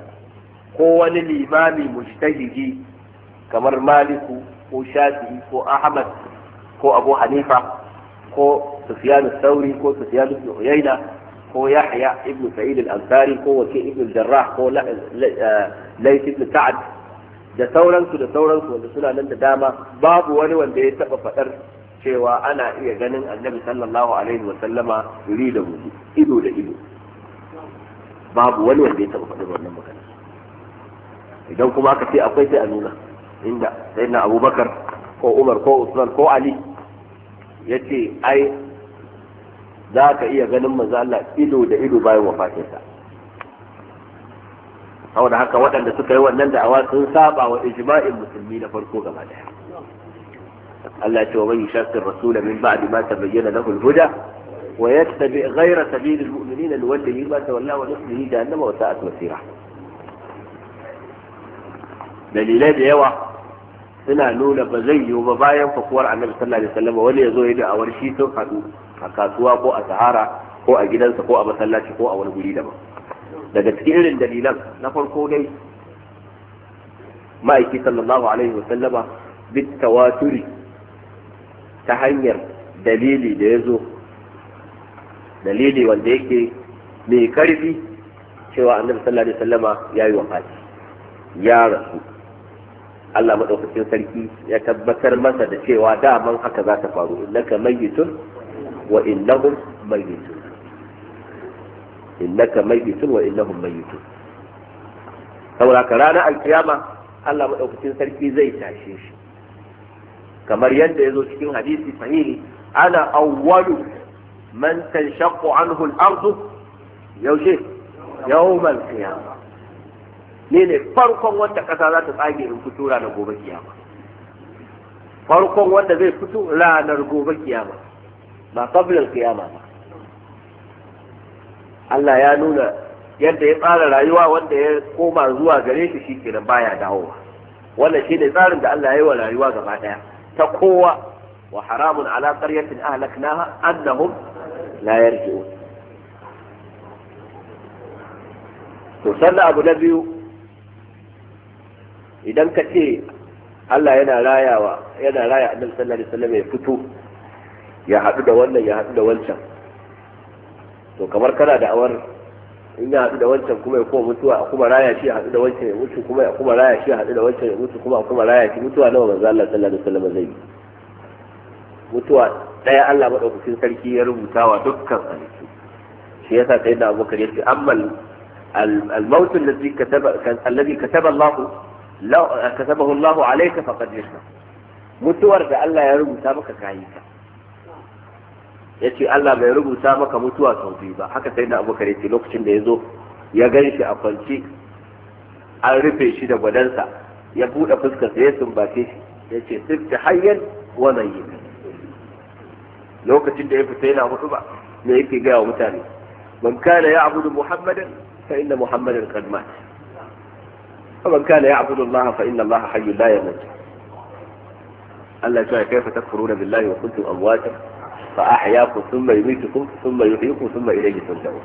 ko wani limami mujtahidi kamar maliku ko shafi'i ko ahmad ko abu hanifa ko sufyanu sauri ko sufyanu uyayna ko yahya ibn sa'id al-ansari ko wakil ibn jarrah ko lais ibn sa'ad da sauransu da sauransu wanda suna nan da dama babu wani wanda ya taba fadar cewa ana iya ganin annabi sallallahu alaihi wa sallama yuri da mutu ido da ido babu wani wanda ya taba fadar wannan magana idan kuma aka ce akwai sai a nuna inda sayyidina abubakar ko umar ko usman ko ali yace ai za ka iya ganin manzo Allah ido da ido bayan wafatinsa saboda haka waɗanda suka yi wannan da'awa sun saba wa ijma'in musulmi na farko gaba daya Allah ce wa man yushakkir rasul min ba'di ma tabayyana lahu al-huda wa yattabi ghayra sabili al-mu'minina nuwallihi ma tawalla wa nuslihi jahannama wa sa'at masira dalilai da yawa suna nuna ba zai yiwu ba bayan fakuwar annabi sallallahu alaihi wasallam wani ya zo ya da'awar shi sun haɗu a kasuwa ko a sahara ko a gidansa ko a masallaci ko a wani guri daban daga cikin irin dalilan na farko dai ma'aiki sallallahu alaihi wa sallama bit tawaturi ta hanyar dalili da ya zo dalili wanda yake mai karfi cewa annabi sallallahu alaihi sallama ya yi wafati ya rasu Allah madaukakin sarki ya tabbatar masa da cewa daman haka za ta faru innaka mayyitun wa innahum mayyitun innaka mayyitun wa innahum mayyitun saboda ka ranar alkiyama Allah maɗaukacin sarki zai tashe shi kamar yadda ya zo cikin hadisi sahihi ana awwalu man tanshaqqu anhu al-ardu yaushe yawmal qiyamah ne ne farkon wanda kasa za ta tsage in fito ranar gobe kiyama farkon wanda zai fito ranar gobe kiyama ba kafin kiyama ba Allah ya nuna yadda ya tsara rayuwa wanda ya koma zuwa gare shi shikenan baya dawowa wannan shine tsarin da Allah ya yi wa rayuwa gaba daya ta kowa wa haramun ala qaryatin ahlaknaha annahum la yarji'un to sannan abu na biyu idan ka ce Allah yana rayawa yana raya annabi sallallahu alaihi wasallam ya fito ya haɗu da wannan ya haɗu da wancan to kamar kana da awar in ya haɗu da wancan kuma ya kuma mutuwa a kuma raya shi ya haɗu da wancan ya mutu kuma ya kuma raya shi ya haɗu da wancan ya mutu kuma a kuma raya shi mutuwa nawa manzo Allah sallallahu alaihi wasallam zai yi mutuwa daya Allah madaukakin sarki ya rubuta wa dukkan halittu shi yasa sai da Abubakar yace ammal الموت الذي كتب الذي كتب الله لو كتبه الله عليك فقد يشفى mutuwar da Allah ya rubuta maka kayi ya ce Allah bai rubuta maka mutuwa sau biyu ba haka sai na abokan ya ce lokacin da ya zo ya gan shi a kwanci an rufe shi da gwadansa ya buɗe fuskarsa ya sumbace shi ya ce sif ta hayyan wa yi lokacin da ya fita yana mutu ba me yake gaya wa mutane man kana ya abudu muhammadan fa inna muhammadan qad mat man kana ya abudu allah fa inna allah hayyun la yamut Allah ya ce kaifa takfuruna billahi wa kuntum amwatan fa ahyaku thumma yumitukum thumma yuhyikum thumma ilayhi turja'un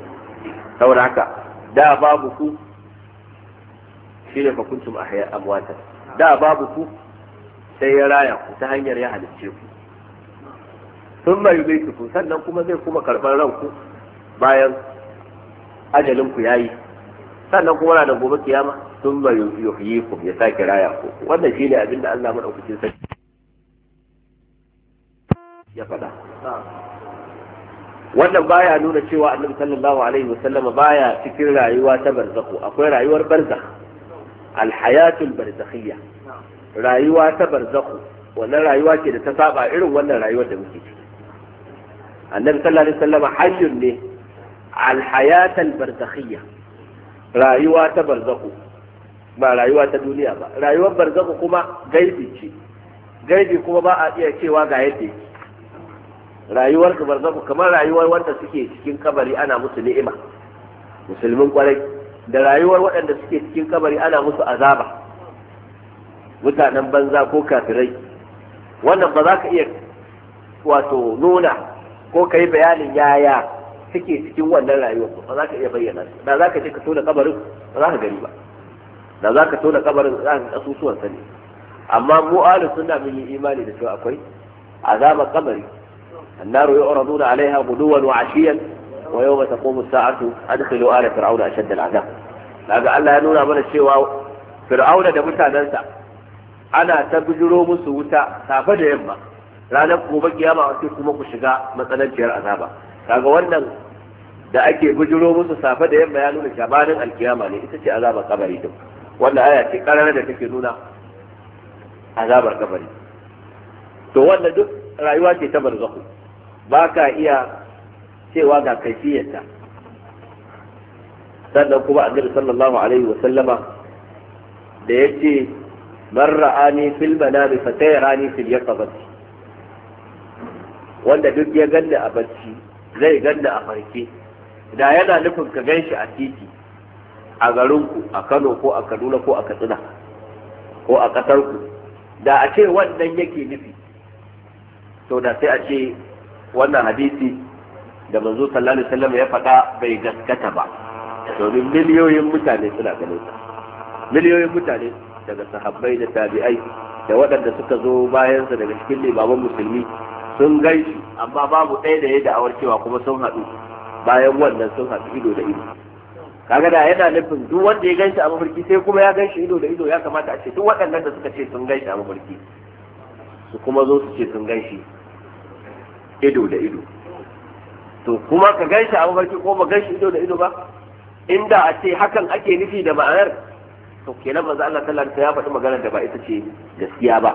saboda haka da babu ku shine fa kuntum ahya amwata da babu ku sai ya raya ku ta hanyar ya halicce ku sun thumma yumitukum sannan kuma zai kuma karban ranku bayan ajalin ku yayi sannan kuma na da gobe kiyama thumma yuhyikum ya sake raya ku wannan shine abin da Allah madaukakin sarki ya fada wannan baya nuna cewa annabi sallallahu alaihi wasallam baya cikin rayuwa ta barzakhu akwai rayuwar barzakh alhayatul barzakhiyya rayuwa ta barzakhu wannan rayuwa ce da ta saba irin wannan rayuwar da muke ciki annabi sallallahu alaihi wasallam hayyun ne alhayatul barzakhiyya rayuwa ta barzakhu ba rayuwa ta duniya ba rayuwar barzakhu kuma gaibi ce gaibi kuma ba a iya cewa ga yadda yake rayuwar ka barzakhu kamar rayuwar wanda suke cikin kabari ana musu ni'ima musulmin kwarai da rayuwar waɗanda suke cikin kabari ana musu azaba mutanen banza ko kafirai wannan ba za ka iya wato nuna ko ka yi bayanin yaya suke cikin wannan rayuwar ba za ka iya bayyana su da za ka je ka tona kabarin ba za ka gani ba da za ka tona kabarin za ka kasusuwan sa ne amma mu'alu suna sunna mun yi imani da cewa akwai azaba kabari النار يعرضون عليها غدوا وعشيا ويوم تقوم الساعة أدخلوا آل فرعون أشد العذاب لأن الله نونا من الشيء فرعون دمتا ننسى أنا تبجروا bijiro musu wuta safe da yamma ranar gobe kiyama sai مثلا جير shiga matsananciyar azaba da ake bijiro musu safe da yamma ya nuna shabanin alkiyama ne ita ce azabar kabari din wannan aya ce karara da take nuna azabar kabari to wannan duk rayuwa ce ta barzahu ba ka iya cewa ga kaifiyarta sannan kuma annabi sallallahu alaihi wa da ya ce man ra'ani fil manami fa fil yaqabati wanda duk ya ganda a bacci zai ganda a farke da yana nufin ka gan shi a titi a garinku a Kano ko a Kaduna ko a Katsina ko a ƙasarku da a ce wannan yake nufi to da sai a ce wannan hadisi da manzo sallallahu alaihi wasallam ya faɗa bai gaskata ba domin miliyoyin mutane suna ganin sa miliyoyin mutane daga sahabbai da tabi'ai da waɗanda suka zo bayansa daga cikin limaman musulmi sun gai amma babu ɗaya da ya da'awar cewa kuma sun haɗu bayan wannan sun haɗu ido da ido kaga da yana nufin duk wanda ya ganshi a mafarki sai kuma ya ganshi ido da ido ya kamata a ce duk waɗannan da suka ce sun gaishe a mafarki su kuma zo su ce sun ganshi ido da ido to kuma ka gaishe a mabarki ko ba gaishe ido da ido ba inda a ce hakan ake nufi da ma'anar to kenan manzo Allah sallallahu alaihi ya faɗi maganar da ba ita ce gaskiya ba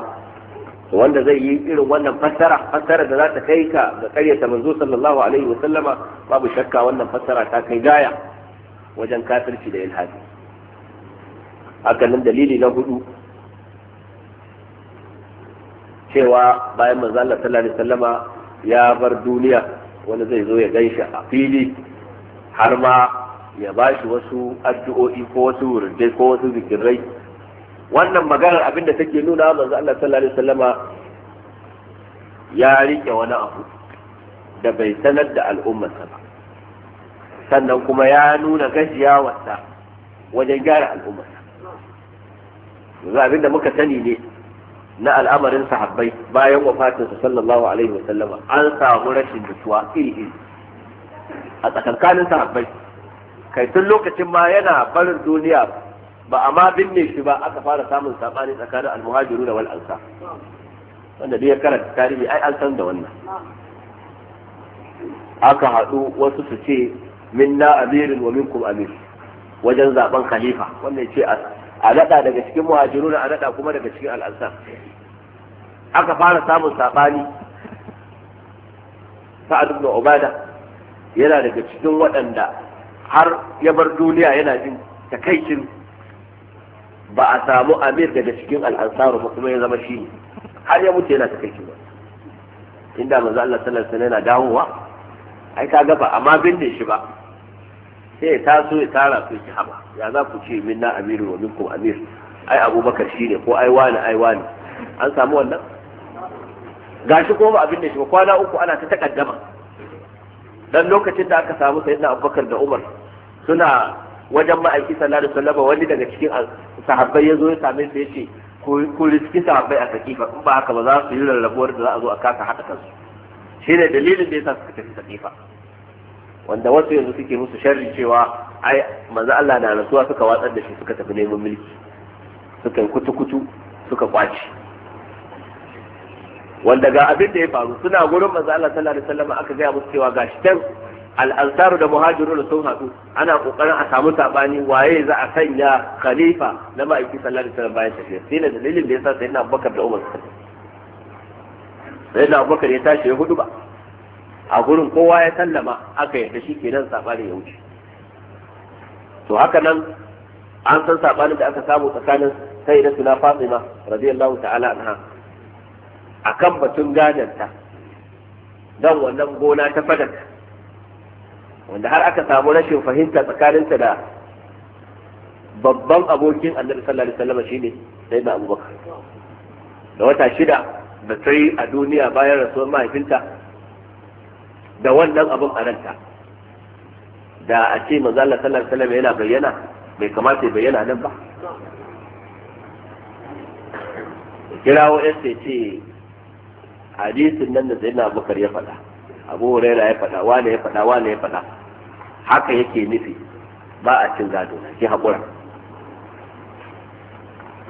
wanda zai yi irin wannan fassara fassara da za ta kai ka ga ƙaryata manzo sallallahu alaihi wa sallama babu shakka wannan fassara ta kai gaya wajen kafirci da ilhadi hakanan dalili na hudu cewa bayan manzo Allah sallallahu alaihi ya bar duniya wani zai zo ya ganshi a fili har ma ya ba shi wasu addu'o'i ko wasu wurdai ko wasu zikirai wannan maganar abin da take nuna manzo Allah sallallahu alaihi wasallama ya rike wani abu da bai sanar da al'ummarsa ba sannan kuma ya nuna gajiyawarsa wajen gyara al'ummarsa yanzu abin da muka sani ne na al'amarin sahabbai bayan wafatinsa sallallahu alaihi wasallama an samu rashin jituwa iri a tsakankanin sahabbai kai tun lokacin ma yana barin duniya ba a ma binne shi ba aka fara samun sabani tsakanin almuhajiru da wal ansa wanda ya karanta tarihi ai an san da wannan aka haɗu wasu su ce minna amirin wa minkum amir wajen zaben khalifa wannan ya ce a nada daga cikin muhajiruna a nada kuma daga cikin al'ansar aka fara samun sabani sa'ad ibn ubada yana daga cikin waɗanda har ya bar duniya yana jin takaicin ba a samu amir daga cikin al'ansar ba kuma ya zama shi har ya mutu yana takaicin ba inda manzo Allah sallallahu alaihi wasallam yana dawowa ai ka ba amma binne shi ba sai ta so ya tara su ki haba ya za ku ce minna amiru wa minkum amir ai abubakar shi ne, ko ai wani ai wani an samu wannan gashi ko ba abin da shi ba kwana uku ana ta takaddama dan lokacin da aka samu sayyidina abubakar da umar suna wajen ma'aiki sallallahu alaihi wasallam wani daga cikin sahabbai ya zo ya same su ya ce ku riski sahabbai a sakifa in ba haka ba za su yi rarrabuwar da za a zo a kasa haɗa kansu shi ne dalilin da ya sa suka tafi sakifa wanda wasu yanzu suke musu sharri cewa ai manzo Allah na rasuwa suka watsar da shi suka tafi neman mulki suka kutu-kutu suka kwaci wanda ga abin da ya faru suna gurin manzo Allah sallallahu alaihi wasallam aka gaya musu cewa gashi tan al-ansaru da muhajirun sun haɗu ana kokarin a samu sabani waye za a sanya khalifa na ma'aiki sallallahu alaihi wasallam bayan tafiya sai da dalilin da yasa sayyidina Abubakar da Umar sai da Abubakar ya tashi ya hudu ba a gurin kowa ya sallama aka yarda shi kenan saɓani ya wuce to haka nan an san sabanin da aka samu tsakanin sai da suna fatima radiyallahu ta'ala anha kan batun gadanta don wannan gona ta fadar wanda har aka samu rashin fahimta tsakaninta da babban abokin annabi sallallahu alaihi wasallam shine sai da abubakar da wata shida da ta a duniya bayan rasuwar mahaifinta da wannan abin a ranta da a ce manzo sallar sallallahu yana bayyana bai kamata ya bayyana nan ba kirawo ya ce hadisin nan da na bukar ya faɗa Abu Hurairah ya faɗa wane ya faɗa wane ya faɗa haka yake nufi ba a cin gado ki haƙura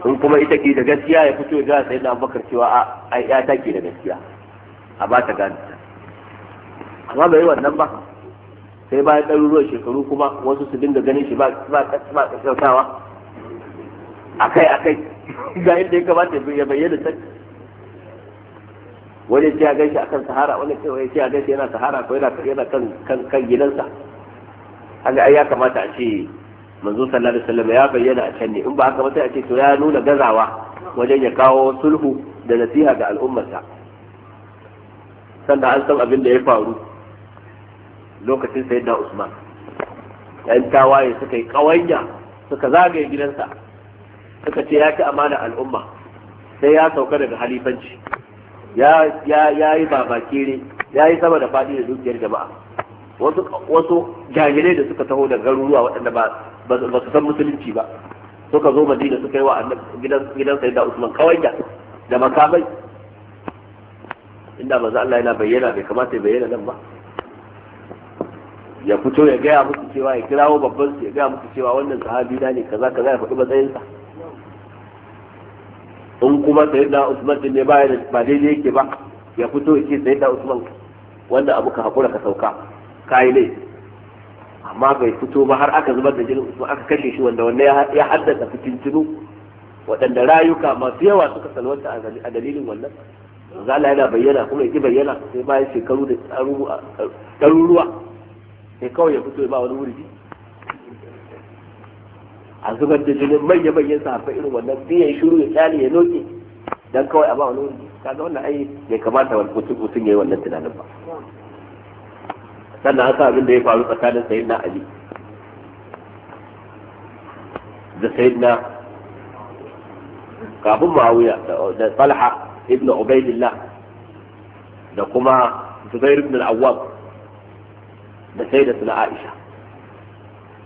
in kuma ita ke da gaskiya ya fito ya ga na Abubakar cewa a ai ya take da gaskiya a ba ta gado amma bai wannan ba sai bayan ɗaruruwan shekaru kuma wasu su dinga ganin shi ba kyautawa akai akai ga yadda ya kamata ya bayyana ta wani ce ya gaishe akan sahara wani ce wani ce ya gaishe yana sahara ko yana kan kan kan gidansa haka ai ya kamata a ce manzo sallallahu alaihi wasallam ya bayyana a can ne in ba haka ba sai a ce to ya nuna gazawa wajen ya kawo sulhu da nasiha ga al'ummarsa sannan an san abin da ya faru lokacin da usman yan tawaye suka yi kawanya suka zagaye gidansa suka ce ya ci amana al'umma sai ya sauka daga halifanci ya yi babakere ya yi sama da faɗi da dukiyar jama'a wasu jahilai da suka taho daga garuruwa waɗanda ba su san musulunci ba suka zo madina suka yi wa gidan da usman kawanya da makamai inda maza Allah yana bayyana bai kamata ya bayyana nan ba ya fito ya gaya musu cewa ya kirawo babban su ya gaya musu cewa wannan sahabi na ne kaza kaza ya faɗi matsayinsa in kuma sai da Usman din ne ba daidai yake ba ya fito ya ce sai da Usman wanda abu ka hakura ka sauka kai ne amma bai fito ba har aka zubar da jinin Usman aka kashe shi wanda wanda ya haddasa tunu waɗanda rayuka masu yawa suka salwanta a dalilin wannan zala yana bayyana kuma ya bayyana sai bayan shekaru da ɗaruruwa sai kawai ya fito ya ba wani wuri a zubar da jinin manya manyan sahabbai irin wannan biyan shuru ya tsali ya noke dan kawai a ba wani wurdi kaga wannan ai bai kamata wani mutum mutum yayi wannan tunanin ba sannan haka abin da ya faru tsakanin sayyidina ali da sayyidina kafin ma'awiya da talha ibn ubaidillah da kuma zubair ibn al-awwab da sai da suna aisha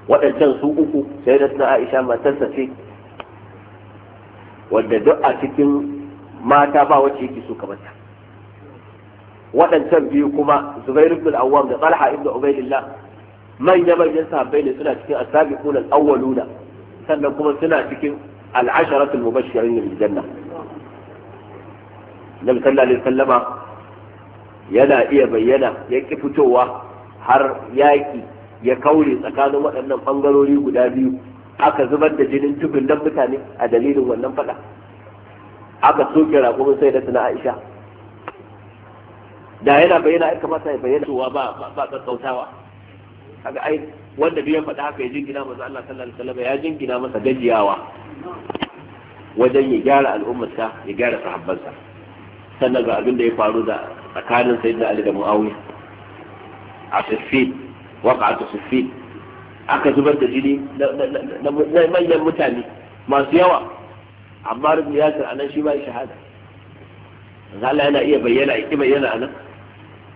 waɗancan su uku sai da suna aisha matarsa ce wadda duk a cikin mata ba wacce yake so kamar ta waɗancan biyu kuma zubair ibn awwam da talha ibn ubaydillah manya manyan sahabbai ne suna cikin asabiquna al-awwaluna sannan kuma suna cikin al-asharatul mubashirin bil janna nabi sallallahu alaihi wasallama yana iya bayyana ya fitowa har yaƙi ya kaure tsakanin waɗannan ɓangarori guda biyu aka zubar da jinin tubin dan mutane a dalilin wannan faɗa aka soke raƙumin sai da tuna aisha da yana bayyana ya masa ya bayyana cewa ba ba kakkautawa kaga ai wanda biyan ya faɗa haka ya jingina masa Allah sallallahu alaihi wasallam ya jingina masa gajiyawa wajen ya gyara al'ummarsa ya gyara sahabbansa sannan ga abin da ya faru da tsakanin sayyidina Ali da Muawiya a waka ta siffin aka zubar da jini na manyan mutane masu yawa amma rubin a anan shi ba shahada zala yana iya bayyana iki bayyana anan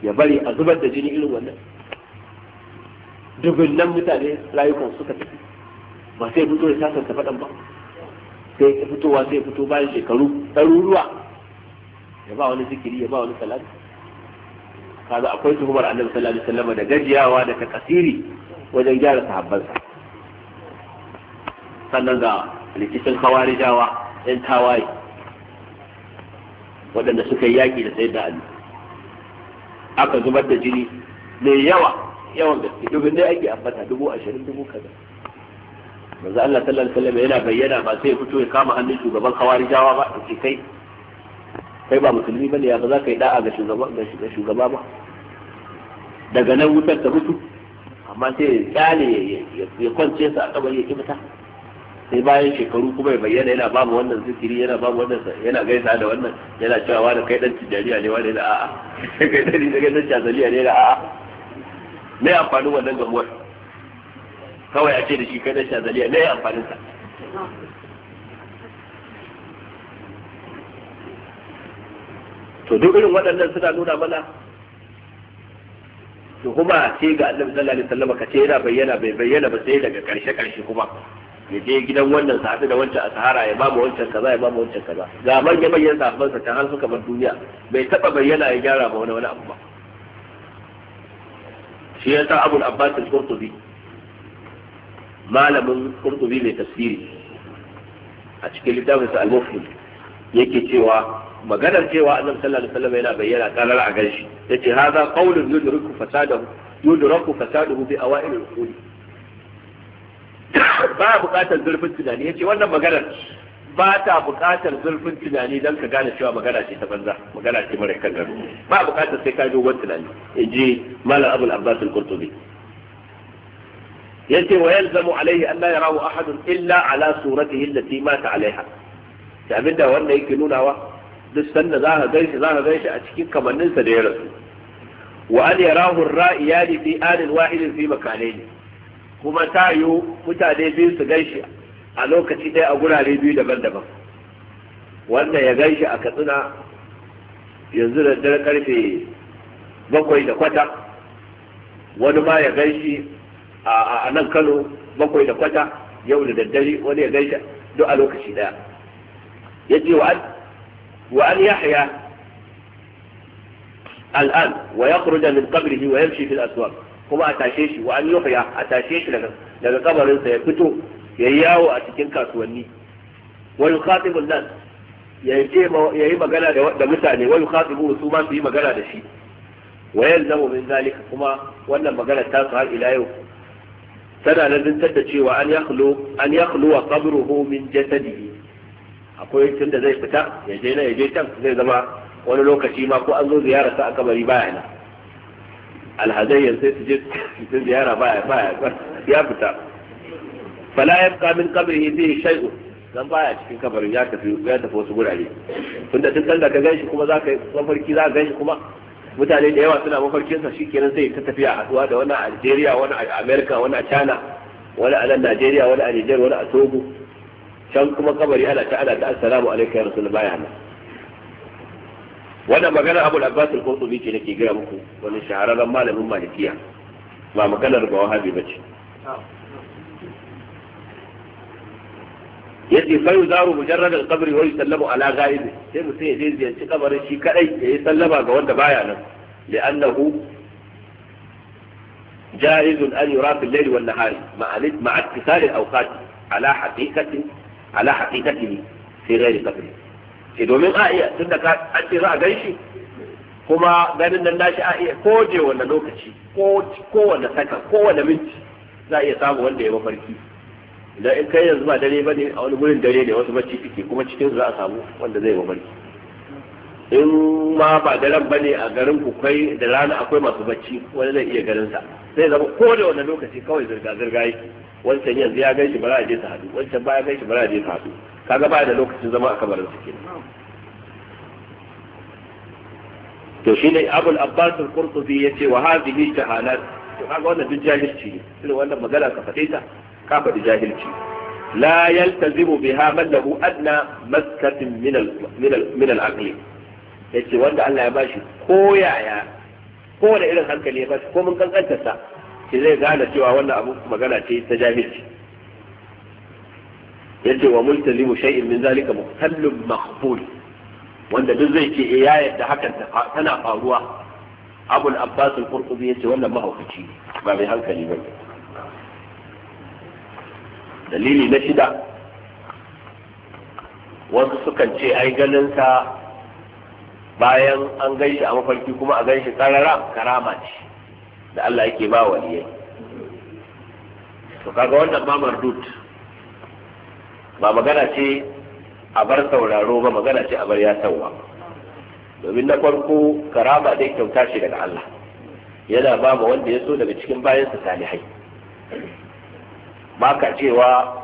ya bari a zubar da jini irin wannan nan mutane rayukan suka tafi ba sai fito ya ta faɗan ba sai fitowa sai fito bayan shekaru ɗaruruwa ya ba wani zikiri ya ba wani salati kaza akwai tuhumar annabi sallallahu alaihi wasallam da gajiyawa da takasiri wajen gyara sahabbansa sannan ga likitan khawarijawa yan tawaye waɗanda suka yi yaƙi da sayyidina ali aka zubar da jini mai yawa yawan gaske dubin ne ake ambata dubu ashirin dubu kaza manzo Allah sallallahu alaihi wasallam yana bayyana ba sai fito ya kama hannun shugaban khawarijawa ba da kai kai ba musulmi bane ya ba za ka yi da'a ga shugaba ba daga nan wutar ta mutu amma sai ya tsale ya kwance sa a kabari ya kibta sai bayan shekaru kuma ya bayyana yana ba mu wannan zikiri yana ba mu wannan yana gaisa da wannan yana cewa wani kai dan tijariya ne wani da a'a kai dan daga dan jazaliya ne da a'a me amfanin wannan gamuwar kawai a ce da shi kai dan jazaliya me amfanin sa to duk irin waɗannan suna nuna mana to kuma ce ga annabi sallallahu alaihi wasallam ka ce yana bayyana bai bayyana ba sai daga karshe karshe kuma ya je gidan wannan sahabi da wancan a sahara ya mama wancan kaza ya mama wancan kaza ga manyan manyan sahabban sa ta har suka bar duniya bai taba bayyana ya gyara ba wani wani abu ba shi yasa Abu Abbas al-Qurtubi malamin Qurtubi mai tafsiri a cikin littafin sa al mufti yake cewa maganar cewa annabi sallallahu alaihi wasallam yana bayyana karar a ganshi yace hadha qawlun yudriku fasadahu yudraku fasaduhu bi awa'il al-uqul ba buƙatar zurfin tunani yace wannan maganar ba ta buƙatar zurfin tunani dan ka gane cewa magana ce ta banza magana ce mara kan gado ba buƙatar sai ka dogon tunani inji malam abul abbas al-qurtubi yace wa yalzamu alaihi an la yarahu ahadun illa ala suratihi allati mata alaiha da abinda wannan yake nunawa duk sanda za ka ganshi za ka shi a cikin kamanninsa da ya rasu wa an yarahu ra'iyani fi wa wahidin fi ne. kuma ta yiwu mutane biyu su ganshi a lokaci ɗaya a gurare biyu daban-daban wanda ya ganshi a katsina yanzu da dare karfe bakwai da kwata wani ma ya ganshi a nan kano bakwai da kwata yau da daddare wani ya ganshi duk a lokaci ɗaya ya ce wa وأن يحيى الآن ويخرج من قبره ويمشي في الأسواق كما أتاشيش وأن يحيى أتاشيش لك قبر سيكتو يياو أتكين كاسواني ويخاطب الناس يهي مقالة دمتاني ويخاطب رسومان بي مقالة دشي ويلزم من ذلك كما وأن مقالة تاسها إلى يوم سنة لذن تدشي وأن يخلو, أن يخلو قبره من جسده akwai tun da zai fita ya je na ya je can zai zama wani lokaci ma ko an zo ziyara sa aka bari baya na alhazai yanzu sai su je su ziyara baya baya ya fita fala yabqa min qabrihi fi shay'un dan baya cikin kabarin ya tafi ya tafi wasu gurare tunda tun sanda ka ganshi kuma za ka yi mafarki za ka ganshi kuma mutane da yawa suna mafarkin sa shikenan sai ta tafiya haduwa da wani a Algeria wani a America wani a China wani a nan Najeriya wani a Niger wani a Togo can kuma kabari ana ta ana ta assalamu alaikum ya rasul baya nan wannan magana abul abbas al-qurtubi ce nake gaya muku wani shahararren malamin malikiya ba maganar ba wahabi bace yace fa yuzaru mujarrad al qabri wa yusallamu ala ghaib sai mutum ya je ziyarci kabarin shi kadai ya yi sallama ga wanda baya nan li'annahu جائز أن يرى في nahar ma'a ma'a مع al-awqat ala حقيقة ala sai fi ghairi qadri ke domin a iya tunda ka an ce za a shi kuma ganin nan nashi a iya ko je lokaci ko ko saka ko wanda minti za a iya samu wanda ya mafarki idan in kai yanzu ba dare ba ne, a wani wurin dare ne wasu bacci ke, kuma cikin za a samu wanda zai mafarki in ma ba da ba ne a garin ku kai da rana akwai masu bacci wani zai iya garin sa sai zama ko da wani lokaci kawai zirga zirga yake wancan yanzu ya gaishe bara a je ta haɗu wancan ba ya gaishe ba a je ta hadu kaga ba da lokacin zama a kamar su ke to shine abul abbas al-qurtubi yace wa hadhihi jahalat to kaga wannan duk jahilci ne irin wannan magana ka fade ta ka fadi jahilci la yaltazimu biha man lahu adna maskatin min al min al-aqli yace wanda Allah ya bashi ko yaya ko da irin hankali ya bashi ko mun kankantarsa shi zai gane cewa wannan abu magana ce ta jahilci yace wa multazimu shay'in min zalika muhtallun maqbul wanda duk zai ce eh, ya yadda hakan tana faruwa abul abbas al-qurtubi yace wannan mahaukaci ba mai hankali ba dalili na shida wasu sukan ce ai ganin sa bayan an gaishe a mafarki kuma a gaishe karara karama ce da Allah yake ba waliyai to kaga wannan ba mardut ba magana ce a bar sauraro ba magana ce a bar ya sauwa domin na farko karama dai kyauta ce daga Allah yana ba mu wanda ya so daga cikin bayan bayansa talihai. ba ka cewa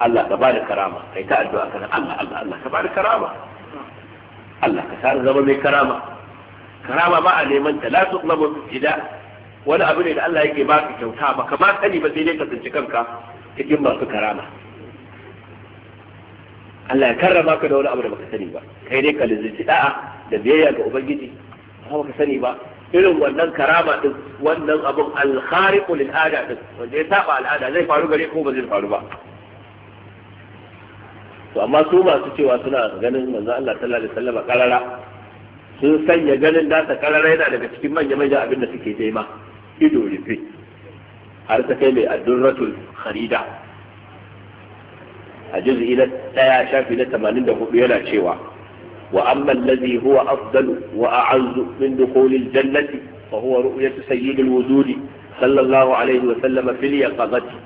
Allah ka bani karama kai ta addu'a kana Allah Allah Allah ka bani karama Allah ka sa zama mai karama karama ba a neman ta la tuqlabu ibtida wani abu ne da Allah yake ba ka kyauta ba kama sani ba sai dai ka tsinci kanka cikin masu karama Allah ya karrama ka da wani abu da baka sani ba kai dai ka lizinci da'a da biyayya ga ubangiji ba baka sani ba irin wannan karama din wannan abun al-khariqu lil-ada din wanda ya saba al'ada zai faru gare ko ba zai faru ba to amma su masu cewa suna ganin manzo Allah sallallahu alaihi wasallam karara sun sanya ganin dasa karara yana daga cikin manya manya abin da suke nema ido rufe har ta kai mai addurratul kharida a juz'i na daya shafi na 84 yana cewa wa amma allazi huwa afdalu wa a'azzu min dukhulil jannati fa huwa ru'yatu sayyidil wujudi sallallahu alaihi wasallam fil yaqazati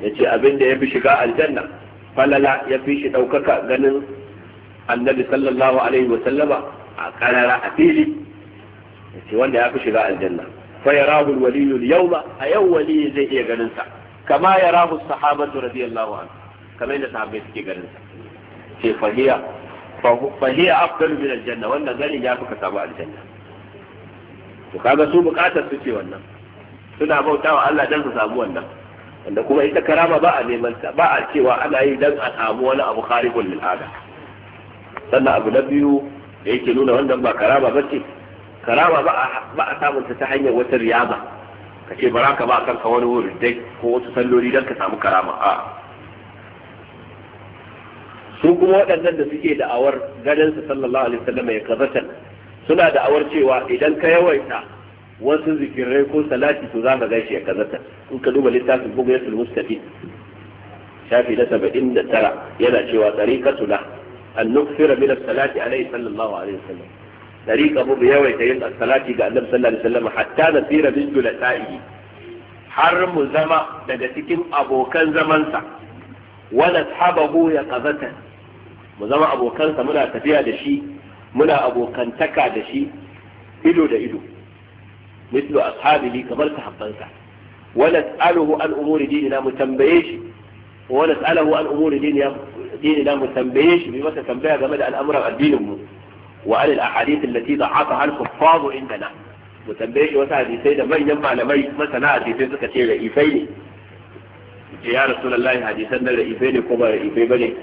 yace abin da fi shiga aljanna falala ya fi shi ɗaukaka ganin annabi sallallahu alaihi wasallama a karara a fili ce wanda ya fi shiga aljanna fa ya rahu waliyu yawma a yau wali zai iya ganin sa kama ya rahu sahabatu radiyallahu anhu kamar yadda sahabbai suke ganin sa ce fahiya fahiya afdalu min aljanna wannan ganin ya fi ka samu aljanna to kaga su bukatar su ce wannan suna bautawa Allah dan su samu wannan wanda kuma ita karama ba a neman ta ba a cewa ana yi dan a samu wani abu kharibul lil ada sannan abu na biyu da yake nuna wannan ba karama ba ce karama ba a samun ta hanyar wata riyaba ka ce kan ka ba kanka wani wuri dai ko wasu sallori dan ka samu karama a su kuma waɗannan da suke da'awar ganin sallallahu alaihi wasallam ya kazata suna da'awar cewa idan ka yawaita wasu zikirai ko salati to za ka gaishe ya kazata in ka duba littafin bugu ya mustafi shafi na saba'in da tara yana cewa tsarikatuna an nukfira min salati alaihi sallallahu alaihi wasallam tsarika mu yawaita yin salati ga annabi sallallahu alaihi wasallam hatta nasira min julata'i har mu zama daga cikin abokan zamansa wala ashabahu ya qazatan mu zama abokansa muna tafiya da shi muna abokantaka da shi ido da ido مثل أصحابه كبر كحبانسا ونسأله عن أمور ديننا متنبيش ونسأله عن أمور ديننا متنبيش بما تنبيه جمد الأمر الدين وعن الأحاديث التي ضعفها الكفار عندنا متنبيش وسعديثي سيدة من ينبع لمي مثلا حديثي كثير إيفين يا رسول الله حديثنا رئيفين كما إيفين بني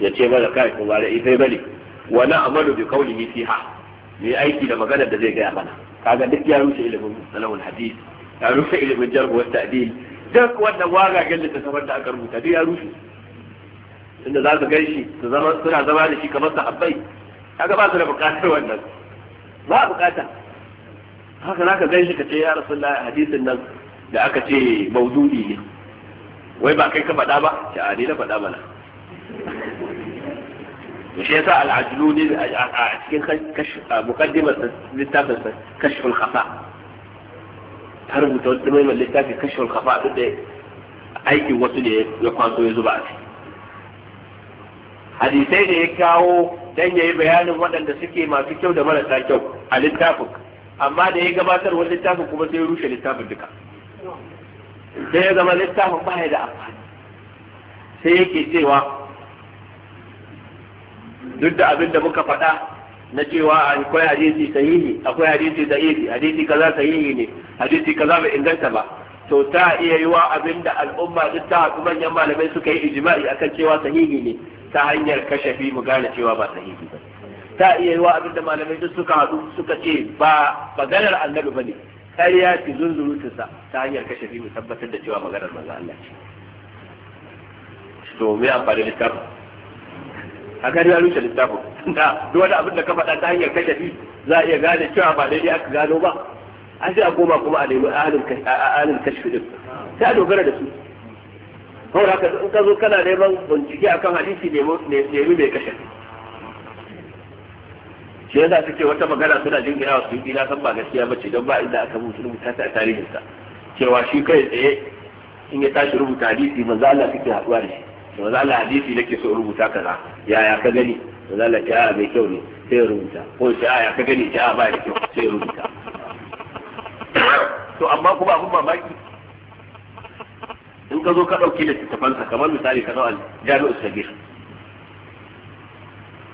يتيما لكاي كما رئيفين بني ونأمل بقوله فيها yi aiki da maganar da zai gaya mana kaga duk ya rushe ilimin salahul hadith ya rushe ilimin jarhu wa ta'dil duk wannan wagagen littattafan da aka rubuta duk ya rushe inda za ka gaishe su zama suna zama da shi kamar sahabbai kaga ba su da bukatar wannan ba a bukata haka za ka gaishe ka ce ya rasulullahi hadisin nan da aka ce maudu'i ne wai ba kai ka faɗa ba sha'ani na faɗa mana to shi yasa al-ajluni a cikin muqaddimar littafin sa kashful khafa ta rubuta wani mai littafi kashful khafa duk da aikin wasu ne ya kwaso ya zuba a ciki hadisai da ya kawo dan yayi bayanin waɗanda suke masu kyau da marasa kyau a littafin amma da ya gabatar wani littafin kuma sai ya rushe littafin duka sai ya zama littafin ba da amfani sai yake cewa duk da abin da muka faɗa na cewa akwai hadisi sahihi akwai hadisi da'ifi hadisi kaza sahihi ne hadisi kaza bai inganta ba to ta iya yiwa abin da al'umma duk ta haɗu manyan malamai suka yi ijma'i akan cewa sahihi ne ta hanyar kashafi mu gane cewa ba sahihi ba ta iya yiwa abin da malamai duk suka haɗu suka ce ba maganar annabi ba ne ƙarya ki sa, ta hanyar kashafi mu tabbatar da cewa maganar manzo Allah ce to me amfani littafin a gani ya rushe littafin da duk wani abin da ka faɗa ta hanyar kashafi za a iya gane cewa ba daidai aka gano ba an sai a koma kuma a nemi ahalin kashfi din a dogara da su kawai haka in ka zo kana neman bincike akan hadisi nemi mai kashafi shi su suke wata magana suna jingina wa su yi na san ba gaskiya bace don ba inda aka musu rubuta ta a tarihinsa cewa shi kai tsaye in ya tashi rubuta hadisi manzo Allah suke haɗuwa da shi manzo Allah hadisi nake so rubuta kaza yaya ka gani manzo Allah ya bai kyau ne sai ya rubuta ko ya ya ka gani ya ba da kyau sai ya rubuta to amma kuma abun mamaki in ka zo ka dauki sa kamar misali ka zo al-Jami'u Sagir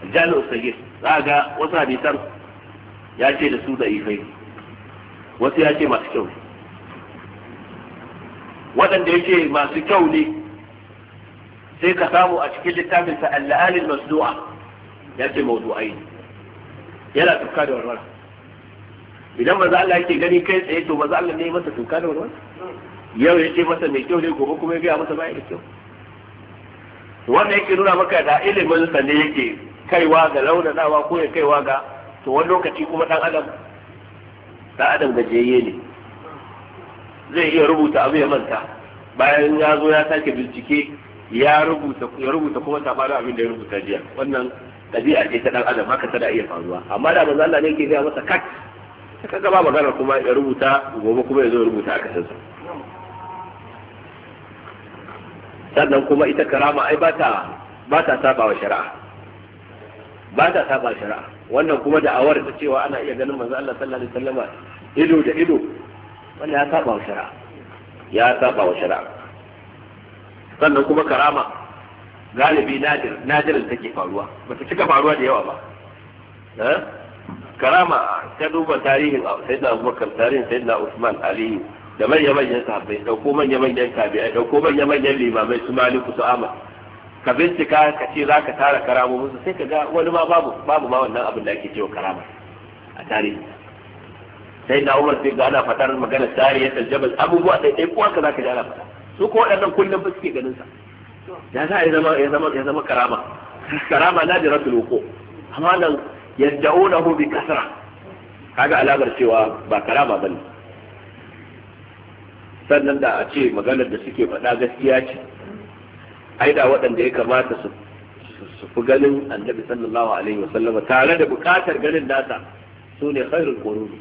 al-Jami'u Sagir za ga wasu hadisan ya ce da su da ifai wasu ya ce masu kyau ne waɗanda ya ce masu kyau ne sai ka samu a cikin littafin sa al-la'alil masdu'a ya ce mawdu'ai yana tuka da warwara idan maza Allah yake gani kai tsaye to maza Allah ne masa tuka da warwara yau ya ce masa mai kyau ne gobe kuma ya gaya masa baya da kyau wannan yake nuna maka da ilimin sa ne yake kaiwa ga launanawa ko ya kaiwa ga to wani lokaci kuma dan adam dan adam gajiyayye ne zai iya rubuta abu ya manta bayan ya zo ya sake bincike ya rubuta ya rubuta kuma sabanin abin da ya rubuta jiya wannan ɗabi'a ce ta dan adam haka tana iya faruwa amma da manzo Allah ne yake ga masa kat ka ga ba magana kuma ya rubuta gobe kuma ya zo rubuta aka san sannan kuma ita karama ai ba ta ba ta saba wa shari'a ba ta saba shari'a wannan kuma da awar ta cewa ana iya ganin manzo Allah sallallahu alaihi wasallam ido da ido wannan ya saba wa shari'a ya saba wa shari'a sannan kuma karama galibi nadir nadirin take faruwa ba ta cika faruwa da yawa ba eh? karama ta duba tarihin sayyidina abubakar tarihin sayyidina usman aliyu da manya-manyan sahabbai dauko manya-manyan tabi'ai dauko manya-manyan limamai su maliku su amal ka bincika ka ce za ka tara karamomin su sai ka ga wani ma babu babu ma wannan abin da ake cewa karama a tarihi sai umar sai ga ana fatar magana tarihi ta jabal abubuwa sai dai kuwa ka za ka ji ana fatar su ko waɗannan kullum ba suke ganin sa ya za ya zama ya zama karama karama na jira tuloko amma nan na hobi kasara kaga alamar cewa ba karama bane sannan da a ce maganar da suke faɗa gaskiya ce ai da waɗanda ya kamata su su fi ganin annabi sallallahu alaihi wasallam tare da buƙatar ganin nasa sune ne khairul qurun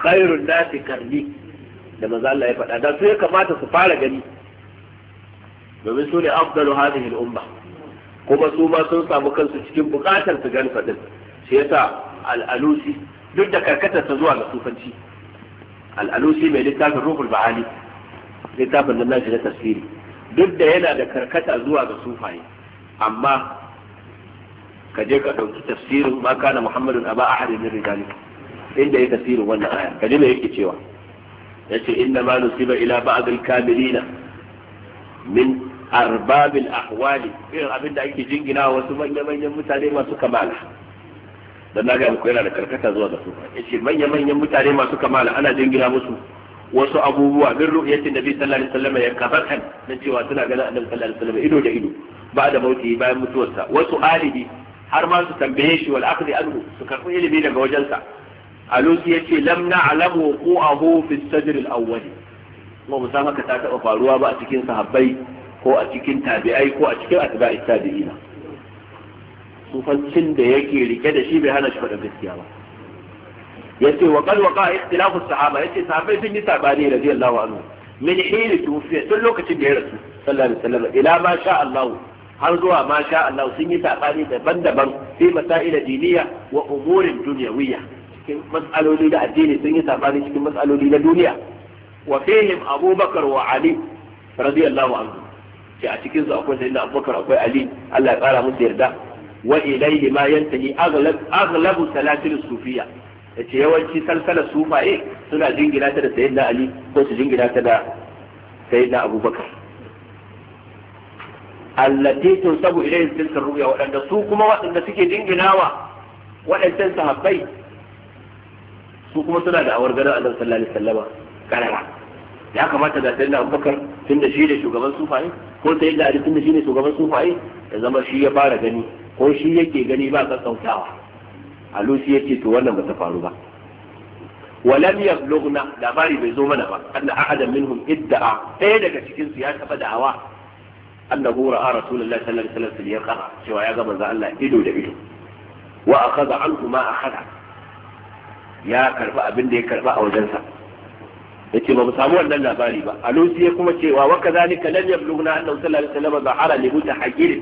khairul nasi karni da manzo Allah ya faɗa da su ya kamata su fara gani domin su ne afdalu hadhihi al-umma kuma su ma sun samu kansu cikin bukatar su gani fadin shi yasa al-alusi duk da karkatar ta zuwa ga sufanci al-alusi mai littafin ruhul ba'ali littafin nan nashi na tafsiri duk da yana da karkata zuwa ga sufaye amma ka je ka ɗauki tafsirin ma kana muhammadun aba ahadin min rijali inda ya tafsirin wannan aya ka ji me yake cewa yace inna ma nusiba ila ba'd al-kamilina min arbab al-ahwali irin abinda ake jingina wasu manya-manyan mutane masu kamala dan naga muku yana da karkata zuwa ga sufa yace manya-manyan mutane masu kamala ana jingina musu wasu abubuwa min ru'yatin nabi sallallahu alaihi wasallam ya kabatan na cewa suna ganin annabi sallallahu alaihi wasallam ido da ido ba da mauti bayan mutuwarsa wasu alibi har ma su tambaye shi wal akhdi anhu su karɓi ilimi daga wajensa alusi ya ce lam na alamu ko ahu fi sajir al'awwali kuma mu san haka ta taɓa faruwa ba a cikin sahabbai ko a cikin tabi'ai ko a cikin atba'i tabi'ina sufancin da yake rike da shi bai hana shi faɗin gaskiya ba yace wa qad waqa ikhtilafu sahaba yace sahabbai sun yi sabani radiyallahu anhu min hili tufiya tun lokacin da ya rasu sallallahu alaihi wasallam ila ma sha Allah har zuwa ma sha Allah sun yi sabani daban-daban fi masail diniya wa umurin dunyawiyya cikin matsaloli da addini sun yi sabani cikin matsaloli na duniya wa fihim abubakar wa ali radiyallahu anhu ce a cikin su akwai sayyidina abubakar akwai ali Allah ya tsara musu yarda wa ilayhi ma yantahi aghlab aghlabu salatil sufiyya yace yawanci salsalar sufaye suna jingina ta da sayyidina ali ko su jingina ta da sayyidina abubakar allati tunsabu ilayhi tilka ruya wadanda su kuma wadanda suke jinginawa wadancan sahabbai su kuma suna da awar gadon annabi sallallahu alaihi wasallama karara ya kamata da sayyidina abubakar tun da shi ne shugaban sufaye ko sayyidina ali tun da shi ne shugaban sufaye ya zama shi ya fara gani ko shi yake gani ba a kakkautawa ya ce to wannan ba ta faru ba ولم يبلغنا labari bai zo mana ba anna ahadan minhum idda'a ɗaya daga cikin su ya taba da'awa annahu ra'a rasulullahi sallallahu alaihi wasallam ya yaqra cewa ya ga manzo Allah ido da ido wa akhadha anhu ma akhadha ya karba abin da ya karba a wajensa yace ba mu samu wannan labari ba alusi ya kuma cewa wa kadhalika lam yablughna annahu sallallahu alaihi wasallam zahara li mutahajjir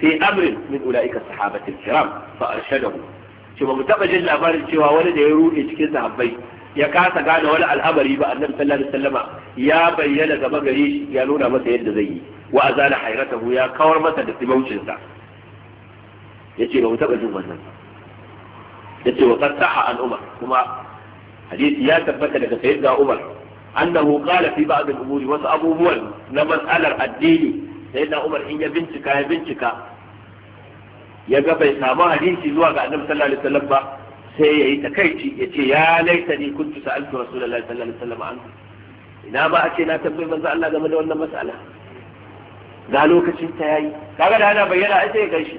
sai amrin min ulaika sahabati kiram fa arshadahu ce ba mu taba jin labarin cewa wani da ya rude cikin sahabbai ya kasa gane wani al'amari ba annabi sallallahu alaihi wasallam ya bayyana gaba gare shi ya nuna masa yadda zai yi wa azala hayratahu ya kawar masa da tibaucin sa yace ba mu taba jin wannan ba yace wa qad an umar kuma hadisi ya tabbata daga Sayyid da umar annahu qala fi ba'd al-umuri wasu abubuwan na mas'alar addini sayyidina umar in ya bincika ya bincika ya ga bai samu hadisi zuwa ga annabi sallallahu alaihi wasallam ba sai yayi takaici yace ya laita ni kuntu sa'altu rasulullahi sallallahu alaihi wasallam an ina ba a ce na tambayi manzo Allah game da wannan mas'ala ga lokacin ta yayi kaga da ana bayyana ai sai ya gaishe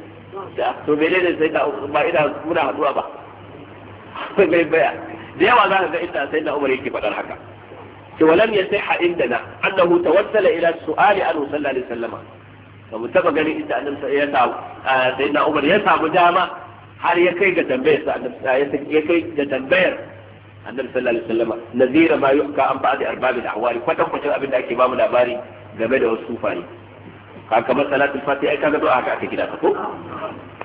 to bai da sai da ba ina muna haduwa ba bai baya da yawa za ka ga inda sai da Umar yake faɗar haka to walam yasiha indana annahu tawassala ila su'ali anhu sallallahu alaihi wasallama ba mu taba ganin inda annabi ya samu sayyidina Umar ya samu dama har ya kai ga tambayar sa annabi ya kai ga tambayar annabi sallallahu alaihi wasallama nazira ma yuka an ba'd arbabil ahwali kwatan kwatan abin da ake ba mu labari game da wasu sufani ka kamar salatul fatiha ai kaga du'a ka ake kira ko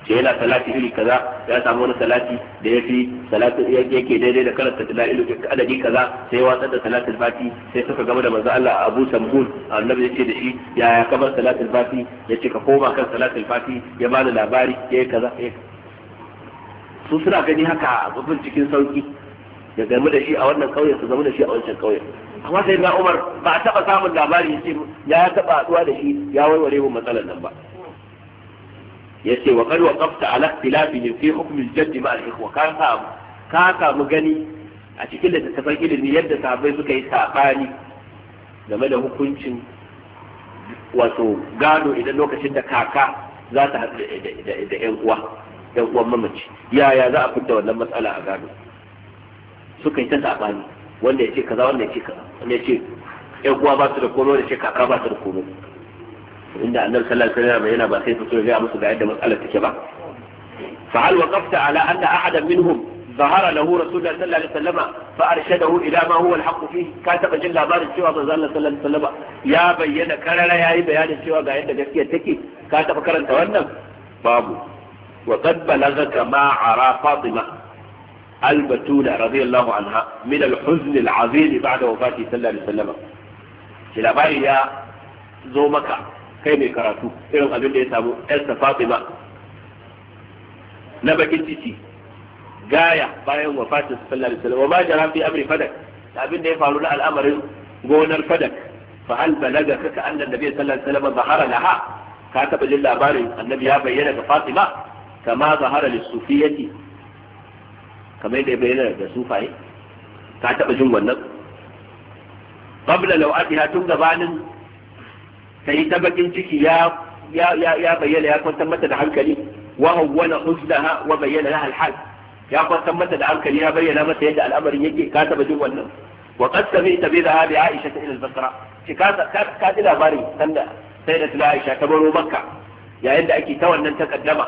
ce yana salati iri kaza ya samu wani salati da ya fi salati yake daidai da karanta da adadi kaza sai ya watsar da salatul fati sai suka gama da manzo Allah Abu Samhul annabi ce da shi ya kamar salatul fati yace ka koma kan salatul fati ya bani labari yi kaza su suna gani haka babban cikin sauki ya gamu da shi a wannan kauye su zama da shi a wancan kauye amma sai na Umar ba a taba samun labari yace ya taba haduwa da shi ya warware mu matsalar nan ba yace wa qad waqafta ala ikhtilafihim fi hukm al-jadd ma al-ikhwa ka ka ka mu gani a cikin littattafan ilimi yadda sahabbai suka yi sabani game da hukuncin wato gado idan lokacin da kaka za ta haɗu da 'yan uwa 'yan uwan mamaci yaya za a fita wannan matsala a gado suka yi ta sabani wanda ya ce kaza wanda ya ce kaza wanda ya ce uwa ba su da komai wanda ya ce kaka ba su da komai إن أن الفلال كلام هنا بخيط وصول جاء مصد عند مسألة كبه فهل وقفت على أن أحدا منهم ظهر له رسول الله صلى الله عليه وسلم فأرشده إلى ما هو الحق فيه كاتب جل أبار الشوى صلى الله عليه وسلم يا بيّن كرر يا بيان الشوى بعد جسية تكي كاتب كرن تونم باب وقد بلغك ما عرى فاطمة البتولة رضي الله عنها من الحزن العظيم بعد وفاته صلى الله عليه وسلم شلابا يا زومك kai mai karatu irin abin da ya samu yarsa Fatima na bakin titi gaya bayan wafatin sallallahu alaihi wasallam wa ma jara fi amri fadak abin da ya faru na al'amarin gonar fadak fa hal balaga ka annan nabi sallallahu alaihi wasallam zahara laha ka taba jin labarin annabi ya bayyana ga Fatima kama zahara lisufiyati kamar da ya bayyana ga sufaye ka taba jin wannan qabla law'atiha tun gabanin sai ta bakin ciki ya ya bayyana ya kwantar mata da hankali wa hawwana huznaha wa bayyana laha alhal ya kwantar mata da hankali ya bayyana mata yadda al'amarin yake ka taba jin wannan wa qad sami'ta bi dhahabi aisha ila al-basra ki ka ka ji labarin sanda sai da tuna aisha ta baro makka yayin da ake ta wannan takaddama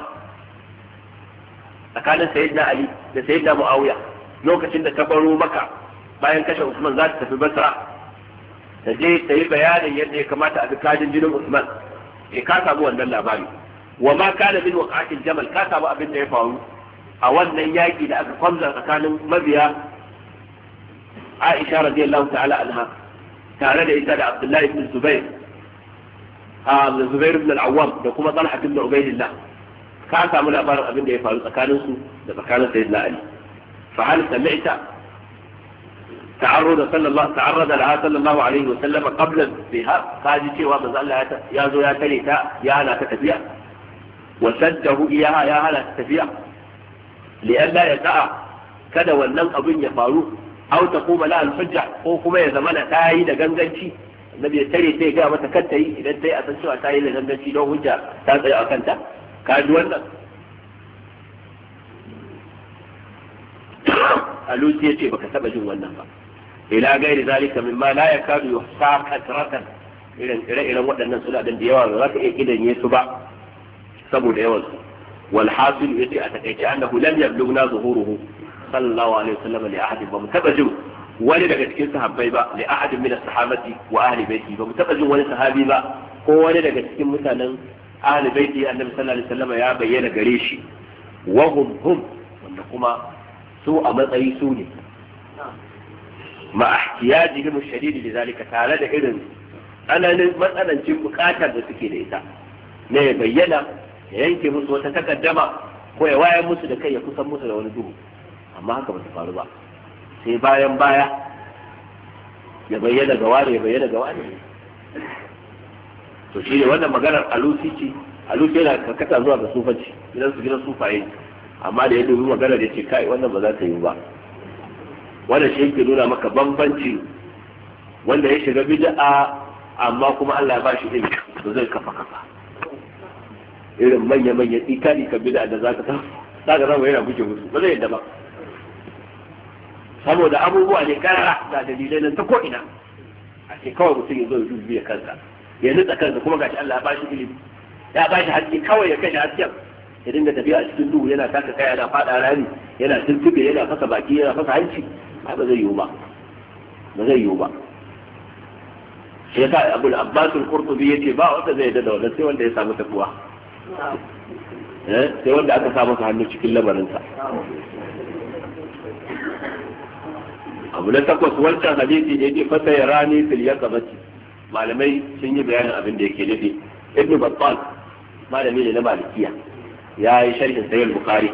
tsakanin sayyidina ali da sayyidina muawiya lokacin da ta baro makka bayan kashe usman za ta tafi basra ta je ta yi bayanin yadda ya kamata a kadin jinin Usman eh ka samu wannan labari wa ma kana min waqatil jamal ka samu abin da ya faru a wannan yaki da aka kwamza tsakanin mabiya Aisha radiyallahu ta'ala anha tare da ita da Abdullahi ibn Zubair a Zubair ibn al-Awwam da kuma Talha ibn Ubaydillah ka samu labarin abin da ya faru tsakanin su da tsakanin Sayyidina Ali fa hal sami'ta تعرض صلى الله تعرض لها صلى الله عليه وسلم قبل بها قال cewa manzo Allah ya zo ya tare ta ya hana ta tafiya wa saddahu iyaha ya hana ta tafiya li'alla ya ta'a kada wannan abin ya faru aw taquma la al-hujja ko kuma ya zamana ta da ganganci annabi ya tare ta ya ga mata kar ta yi idan ta yi a san cewa da ganganci don hujja ta a kanta ka ji wannan ya ce baka taba jin wannan ba ila gairi zalika mimma la yakadu yuhsa kasratan irin ire-iren waɗannan suna da yawa ba za ka iya kidanye su ba saboda yawan su wal hasil yace a takaice annahu lam yablughna zuhuruhu sallallahu alaihi wasallam li ahadin ba mu taba jin wani daga cikin sahabbai ba li ahadin min as-sahabati wa ahli baiti ba mu taba jin wani sahabi ba ko wani daga cikin mutanen ahli baiti annabi sallallahu alaihi wasallam ya bayyana gare shi wa hum hum wanda kuma su a matsayi su ne ma ihtiyajihim ash-shadid lidhalika tare da irin tsananin matsalancin bukatar da suke da ita ne ya bayyana ya yanke musu wata takaddama ko ya wayar musu da kai ya kusan musu da wani duhu amma haka ba su faru ba sai bayan baya ya bayyana ga wani ya bayyana ga wani to shi ne wannan maganar alusi ce alusi yana kakata zuwa ga sufaci gidan su gina sufaye amma da ya dubi maganar ya ce kai wannan ba za ta yi ba wannan shi yake nuna maka bambanci wanda ya shiga bid'a amma kuma Allah ya ba shi ilimi to zai kafa kafa irin manya manya itali ka bid'a da zaka ta zaka zama yana guje musu ba zai yadda ba saboda abubuwa ne karara da dalilai nan ta ko ina a ce kawai mutum ya zo ya dubiya kansa ya nutsa kansa kuma gashi Allah ya ba shi ilimi ya ba shi haske kawai ya kashe hasken ya dinga tafiya a cikin duhu yana taka kaya yana fada rani yana tuntube yana fasa baki yana fasa hanci ba zai yiwu ba ba zai yiwu ba shi ya sa da abbasul ya yace ba wanda zai dada da sai wanda ya samu takuwa eh, sai wanda aka sa masa hannu cikin lamarinsa abu na takwas wancan hadisi ne ce fata ya rani fil yaqabati malamai sun yi bayanin abin da yake nufi ibn battal malami ne na malikiya ya yi sharhin sahih bukhari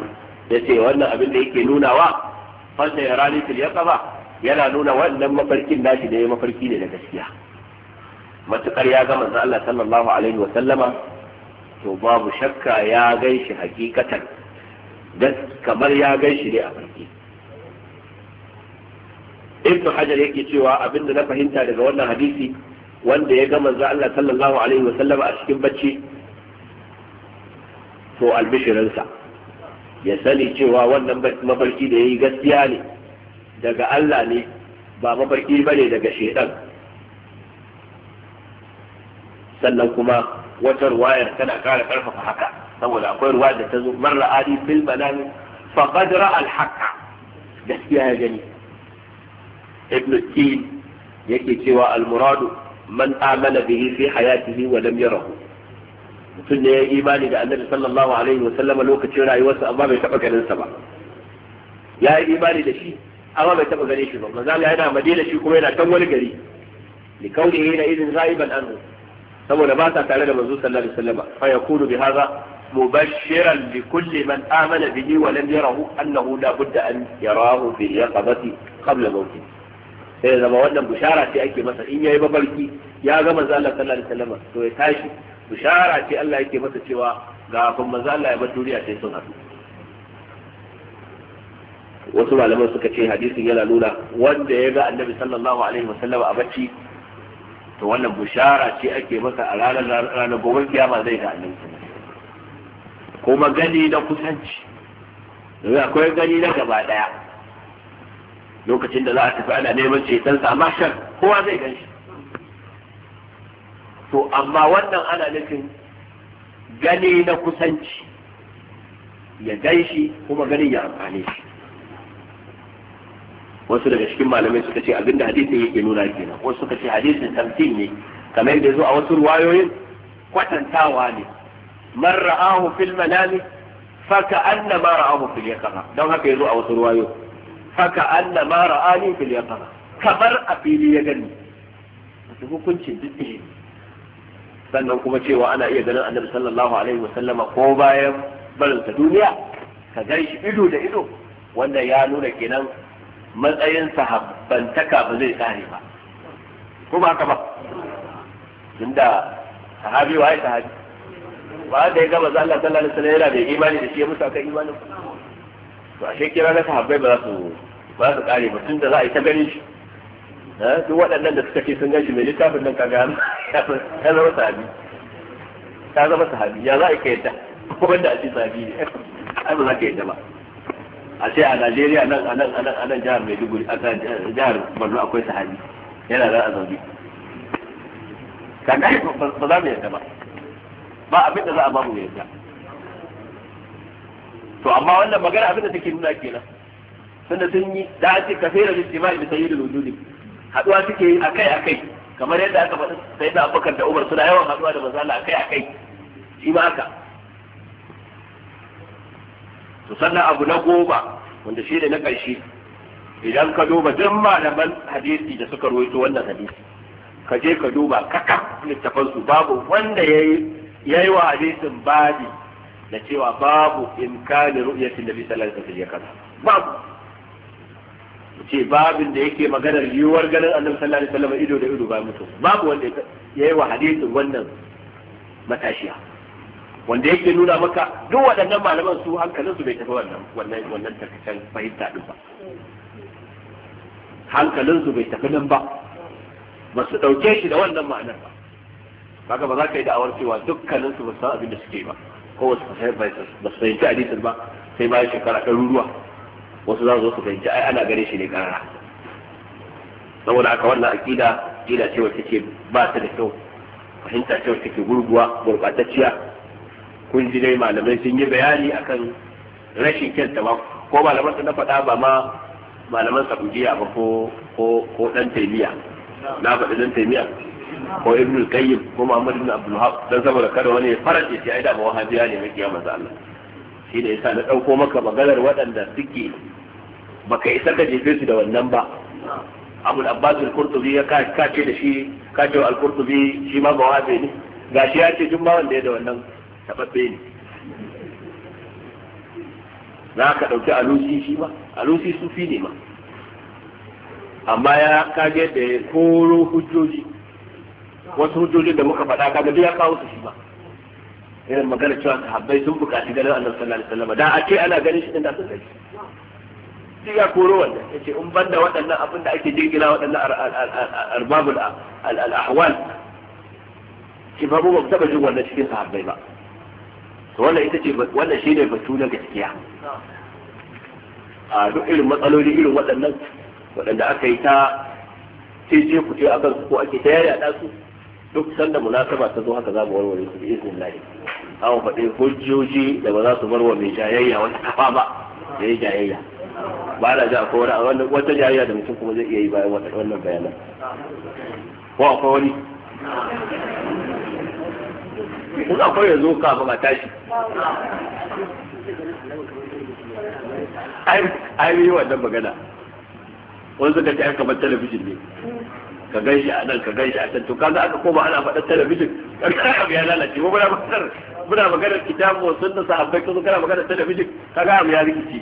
ya ce wannan abin da yake nunawa fanta ya rani fil yaqaba yana nuna wannan mafarkin nashi da ya mafarki ne na gaskiya matukar ya ga manzo Allah sallallahu alaihi wa sallama to babu shakka ya gaishi hakikatan dan kamar ya gaishi ne a farki ibnu hajar yake cewa abinda na fahimta daga wannan hadisi wanda ya ga manzo Allah sallallahu alaihi wa sallama a cikin bacci to albishirinsa ya sani cewa wannan mafarki da ya yi gaskiya ne daga Allah ne ba mafarki ba ne daga shaidan sannan kuma wata ruwayar tana ƙara ƙarfafa haka saboda akwai ruwa da ta zo marra ali fil manami faqad ra'a al haqa gaskiya ya gani ibn tin yake cewa al muradu man amana bihi fi hayatihi wa lam yarahu mutum ne ya yi imani da annabi sallallahu alaihi wa sallama lokacin rayuwarsa amma bai taba ganin sa ba ya yi imani da shi amma bai taba gane shi ba manzo Allah yana madina shi kuma yana kan wani gari li kaunihi na idin zaiban anhu saboda ba sa tare da manzo sallallahu alaihi wasallam fa yakunu bi hadha mubashiran li kulli man amana bihi wa lam yarahu annahu la budda an yarahu bi yaqabati qabla mawti sai zama wannan bushara ce ake masa in yayi mafarki ya ga manzo Allah sallallahu alaihi wasallam to ya tashi bishara ce Allah yake masa cewa ga ban manzo Allah ya bar duniya sai sun haɗu wasu malaman suka ce hadisin yana nuna wanda ya ga annabi sallallahu alaihi wasallam a bacci to wannan bushara ce ake masa a ranar ranar gobe kiyama zai ga annabi kuma gani na kusanci domin akwai gani na gaba daya lokacin da za a tafi ana neman cetonsa amma shan kowa zai gan shi to amma wannan ana nufin gani na kusanci ya gan shi kuma ganin ya amfane shi wasu daga cikin malamai suka ce abinda hadisin yake nuna kenan wasu suka ce hadisin tamtin ne kamar yadda zo a wasu ruwayoyin kwatantawa ne man ra'ahu fil manami fa anna ma ra'ahu fil yaqama don haka yazo a wasu ruwayo fa anna ma ra'ani fil yaqama kamar a fili ya gani hukuncin duk ne sannan kuma cewa ana iya ganin annabi sallallahu alaihi wasallama ko bayan barinsa duniya ka gan shi ido da ido wanda ya nuna kenan matsayin sahabbantaka ba zai tsare ba ko ba haka ba tunda sahabi waye sahabi ba da ya gaba Allah sallallahu alaihi wasallam yana da imani da shi ya musa kan imanin to ashe kira na sahabbai ba za su ba su kare ba tunda za a yi ta ganin shi Eh, duk waɗannan da suka ce sun gashi mai littafin nan kaga ya zama sahabi ya zama sahabi ya za a ka yadda wanda a ce sahabi ne ai ba za ka yadda ba a ce a Najeriya nan a nan a nan a nan jihar Maiduguri a jihar Borno akwai sahabi yana da azabi kaga ba za mu yadda ba ba abin da za a ba mu yadda to amma wannan magana abin da take nuna kenan sannan sun yi da ake kafira ijtima'i bi da wujudi haduwa suke yi akai akai kamar yadda aka faɗi sai da abubakar da umar suna yawan haduwa da manzo Allah akai akai shi ma haka to sannan abu na goma wanda shi ne na ƙarshe idan ka duba duk malaman hadisi da suka rawaito wannan hadisi ka je ka duba kaka littafan su babu wanda yayi yayi wa hadisin babi da cewa babu imkani ru'yatin nabi sallallahu alaihi wasallam ya kaza babu ce babin da yake maganar yiwuwar ganin annabi sallallahu alaihi wasallam ido da ido ba mutu babu wanda ya yi wa hadisin wannan matashiya wanda yake nuna maka duk waɗannan malaman su hankalin su bai tafi wannan wannan wannan takacin fahimta din ba hankalin su bai tafi nan ba ba su ɗauke shi da wannan ma'anar ba kaga ba za ka yi da'awar cewa dukkanin su ba san abin da suke ba ko ba su fahimci hadisin ba sai bayan shekara ɗaruruwa ruwa wasu za su su fahimci ai ana gare shi ne karara saboda aka wannan akida ƙila ce wacce ce ba ta da kyau fahimta ce wacce ke gurguwa gurbatacciya kun ji dai malamai sun yi bayani akan rashin kyanta ba ko malaman sun na faɗa ba ma malaman sabujiya ba ko ko ko dan taimiya na faɗi dan taimiya ko ibnu Kayyim, ko muhammad ibn abdul dan saboda kada wani ya farace shi ai da ba wahabiya ne mai kiyama Allah shi da yasa na ɗauko maka maganar waɗanda suke baka isa ka jefe su da wannan ba abu abbas al-qurtubi ya kace da shi kace wa al-qurtubi shi ma ba wabe ne gashi ya ce jumma wanda ya da wannan tababbe ne za ka ɗauki alusi shi ma alusi sufi ne ma amma ya kage da koro hujjoji wasu hujjoji da muka faɗa kaga duk ya kawo su shi ma irin magana cewa sahabbai sun bukaci ganin annabi sallallahu alaihi wasallam da a ce ana ganin shi din da sun kai shi ya koro wannan yace in banda waɗannan abin da ake jirgina waɗannan arbabul al-ahwal shi ba mu taba jin wannan cikin sahabbai ba to wannan ita ce wannan shine batu na gaskiya a duk irin matsaloli irin waɗannan waɗanda aka yi ta cece ku ce akan ko ake ta yaya su duk sanda munasaba ta zo haka za mu warware su bi iznillahi an faɗi hujjoji da ba za su bar wa mai jayayya wata kafa ba da ya jayayya ba na ga akwai wani wata jayayya da mutum kuma zai iya yi bayan wannan bayanan ko akwai wani ko akwai yanzu ba a tashi ai yi wannan magana wanzu ka ta ai kamar talabijin ne ka gan shi a nan ka gan shi a can to kaga aka koma ana faɗar talabijin ka kaga ya lalace ko ba na muna maganar kitabu wa sunna sahabbai kuma kana maganar talabijin kaga abu ya rikici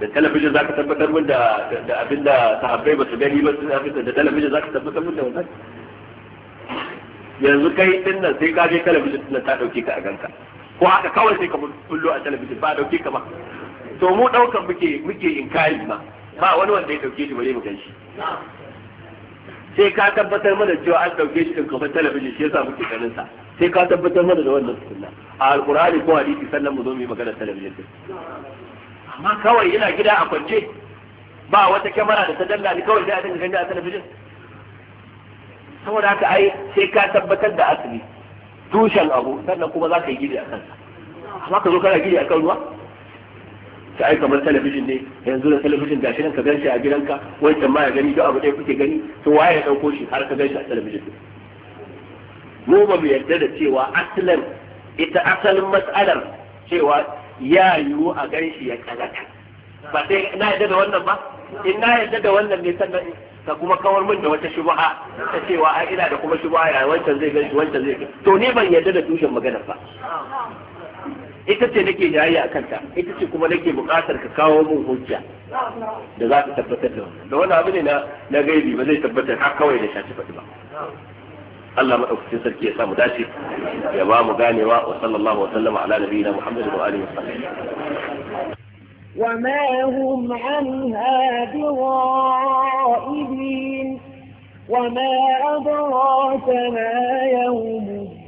da talabijin zaka tabbatar mun da da abinda sahabbai ba su gani ba su da talabijin zaka tabbatar mun da wannan yanzu kai din nan sai ka je talabijin din ta dauke ka a ganka ko haka kawai sai ka bullo a talabijin ba dauke ka ba to mu daukan muke muke inkari ma ba wani wanda ya dauke shi bare mu gan shi sai ka tabbatar mana cewa an dauke shi din kamar talabijin shi yasa muke ganin sa sai ka tabbatar mana da wannan sunna a alqur'ani ko hadisi sannan mu zo mu yi magana talabijin din amma kawai ina gida a kwance ba wata kyamara da ta danna ni kawai sai a dinga ganin a talabijin saboda haka ai sai ka tabbatar da asali tushen abu sannan kuma za ka yi gidi a kansa amma ka zo kana gidi a kan ruwa Ka ai kamar talabijin ne yanzu da talabijin gashi nan ka gan shi a gidanka wancan ma ya gani duk abu ɗaya kuke gani to waye ya ɗauko shi har ka gan shi a talabijin mu ba mu yarda da cewa asalin ita asalin matsalar cewa ya yiwu a gan shi ya kalata ba sai na yarda da wannan ba in na yarda da wannan ne sannan ka kuma kawar min da wata shubha ta cewa ai ina da kuma shubha ya wancan zai gan shi wancan zai to ni ban yarda da tushen maganar ba ita ce nake jayayya a kanta ita ce kuma nake buƙatar ka kawo mun hujja da za ka tabbatar da wannan da wani abu ne na gaibi ba zai tabbatar har kawai da shafi faɗi ba Allah madaukakin sarki ya samu dace ya ba mu ganewa wa sallallahu wa sallama ala nabiyina Muhammad wa alihi wa sahbihi وما هم عنها بغائبين وما أدراك ما يوم الدين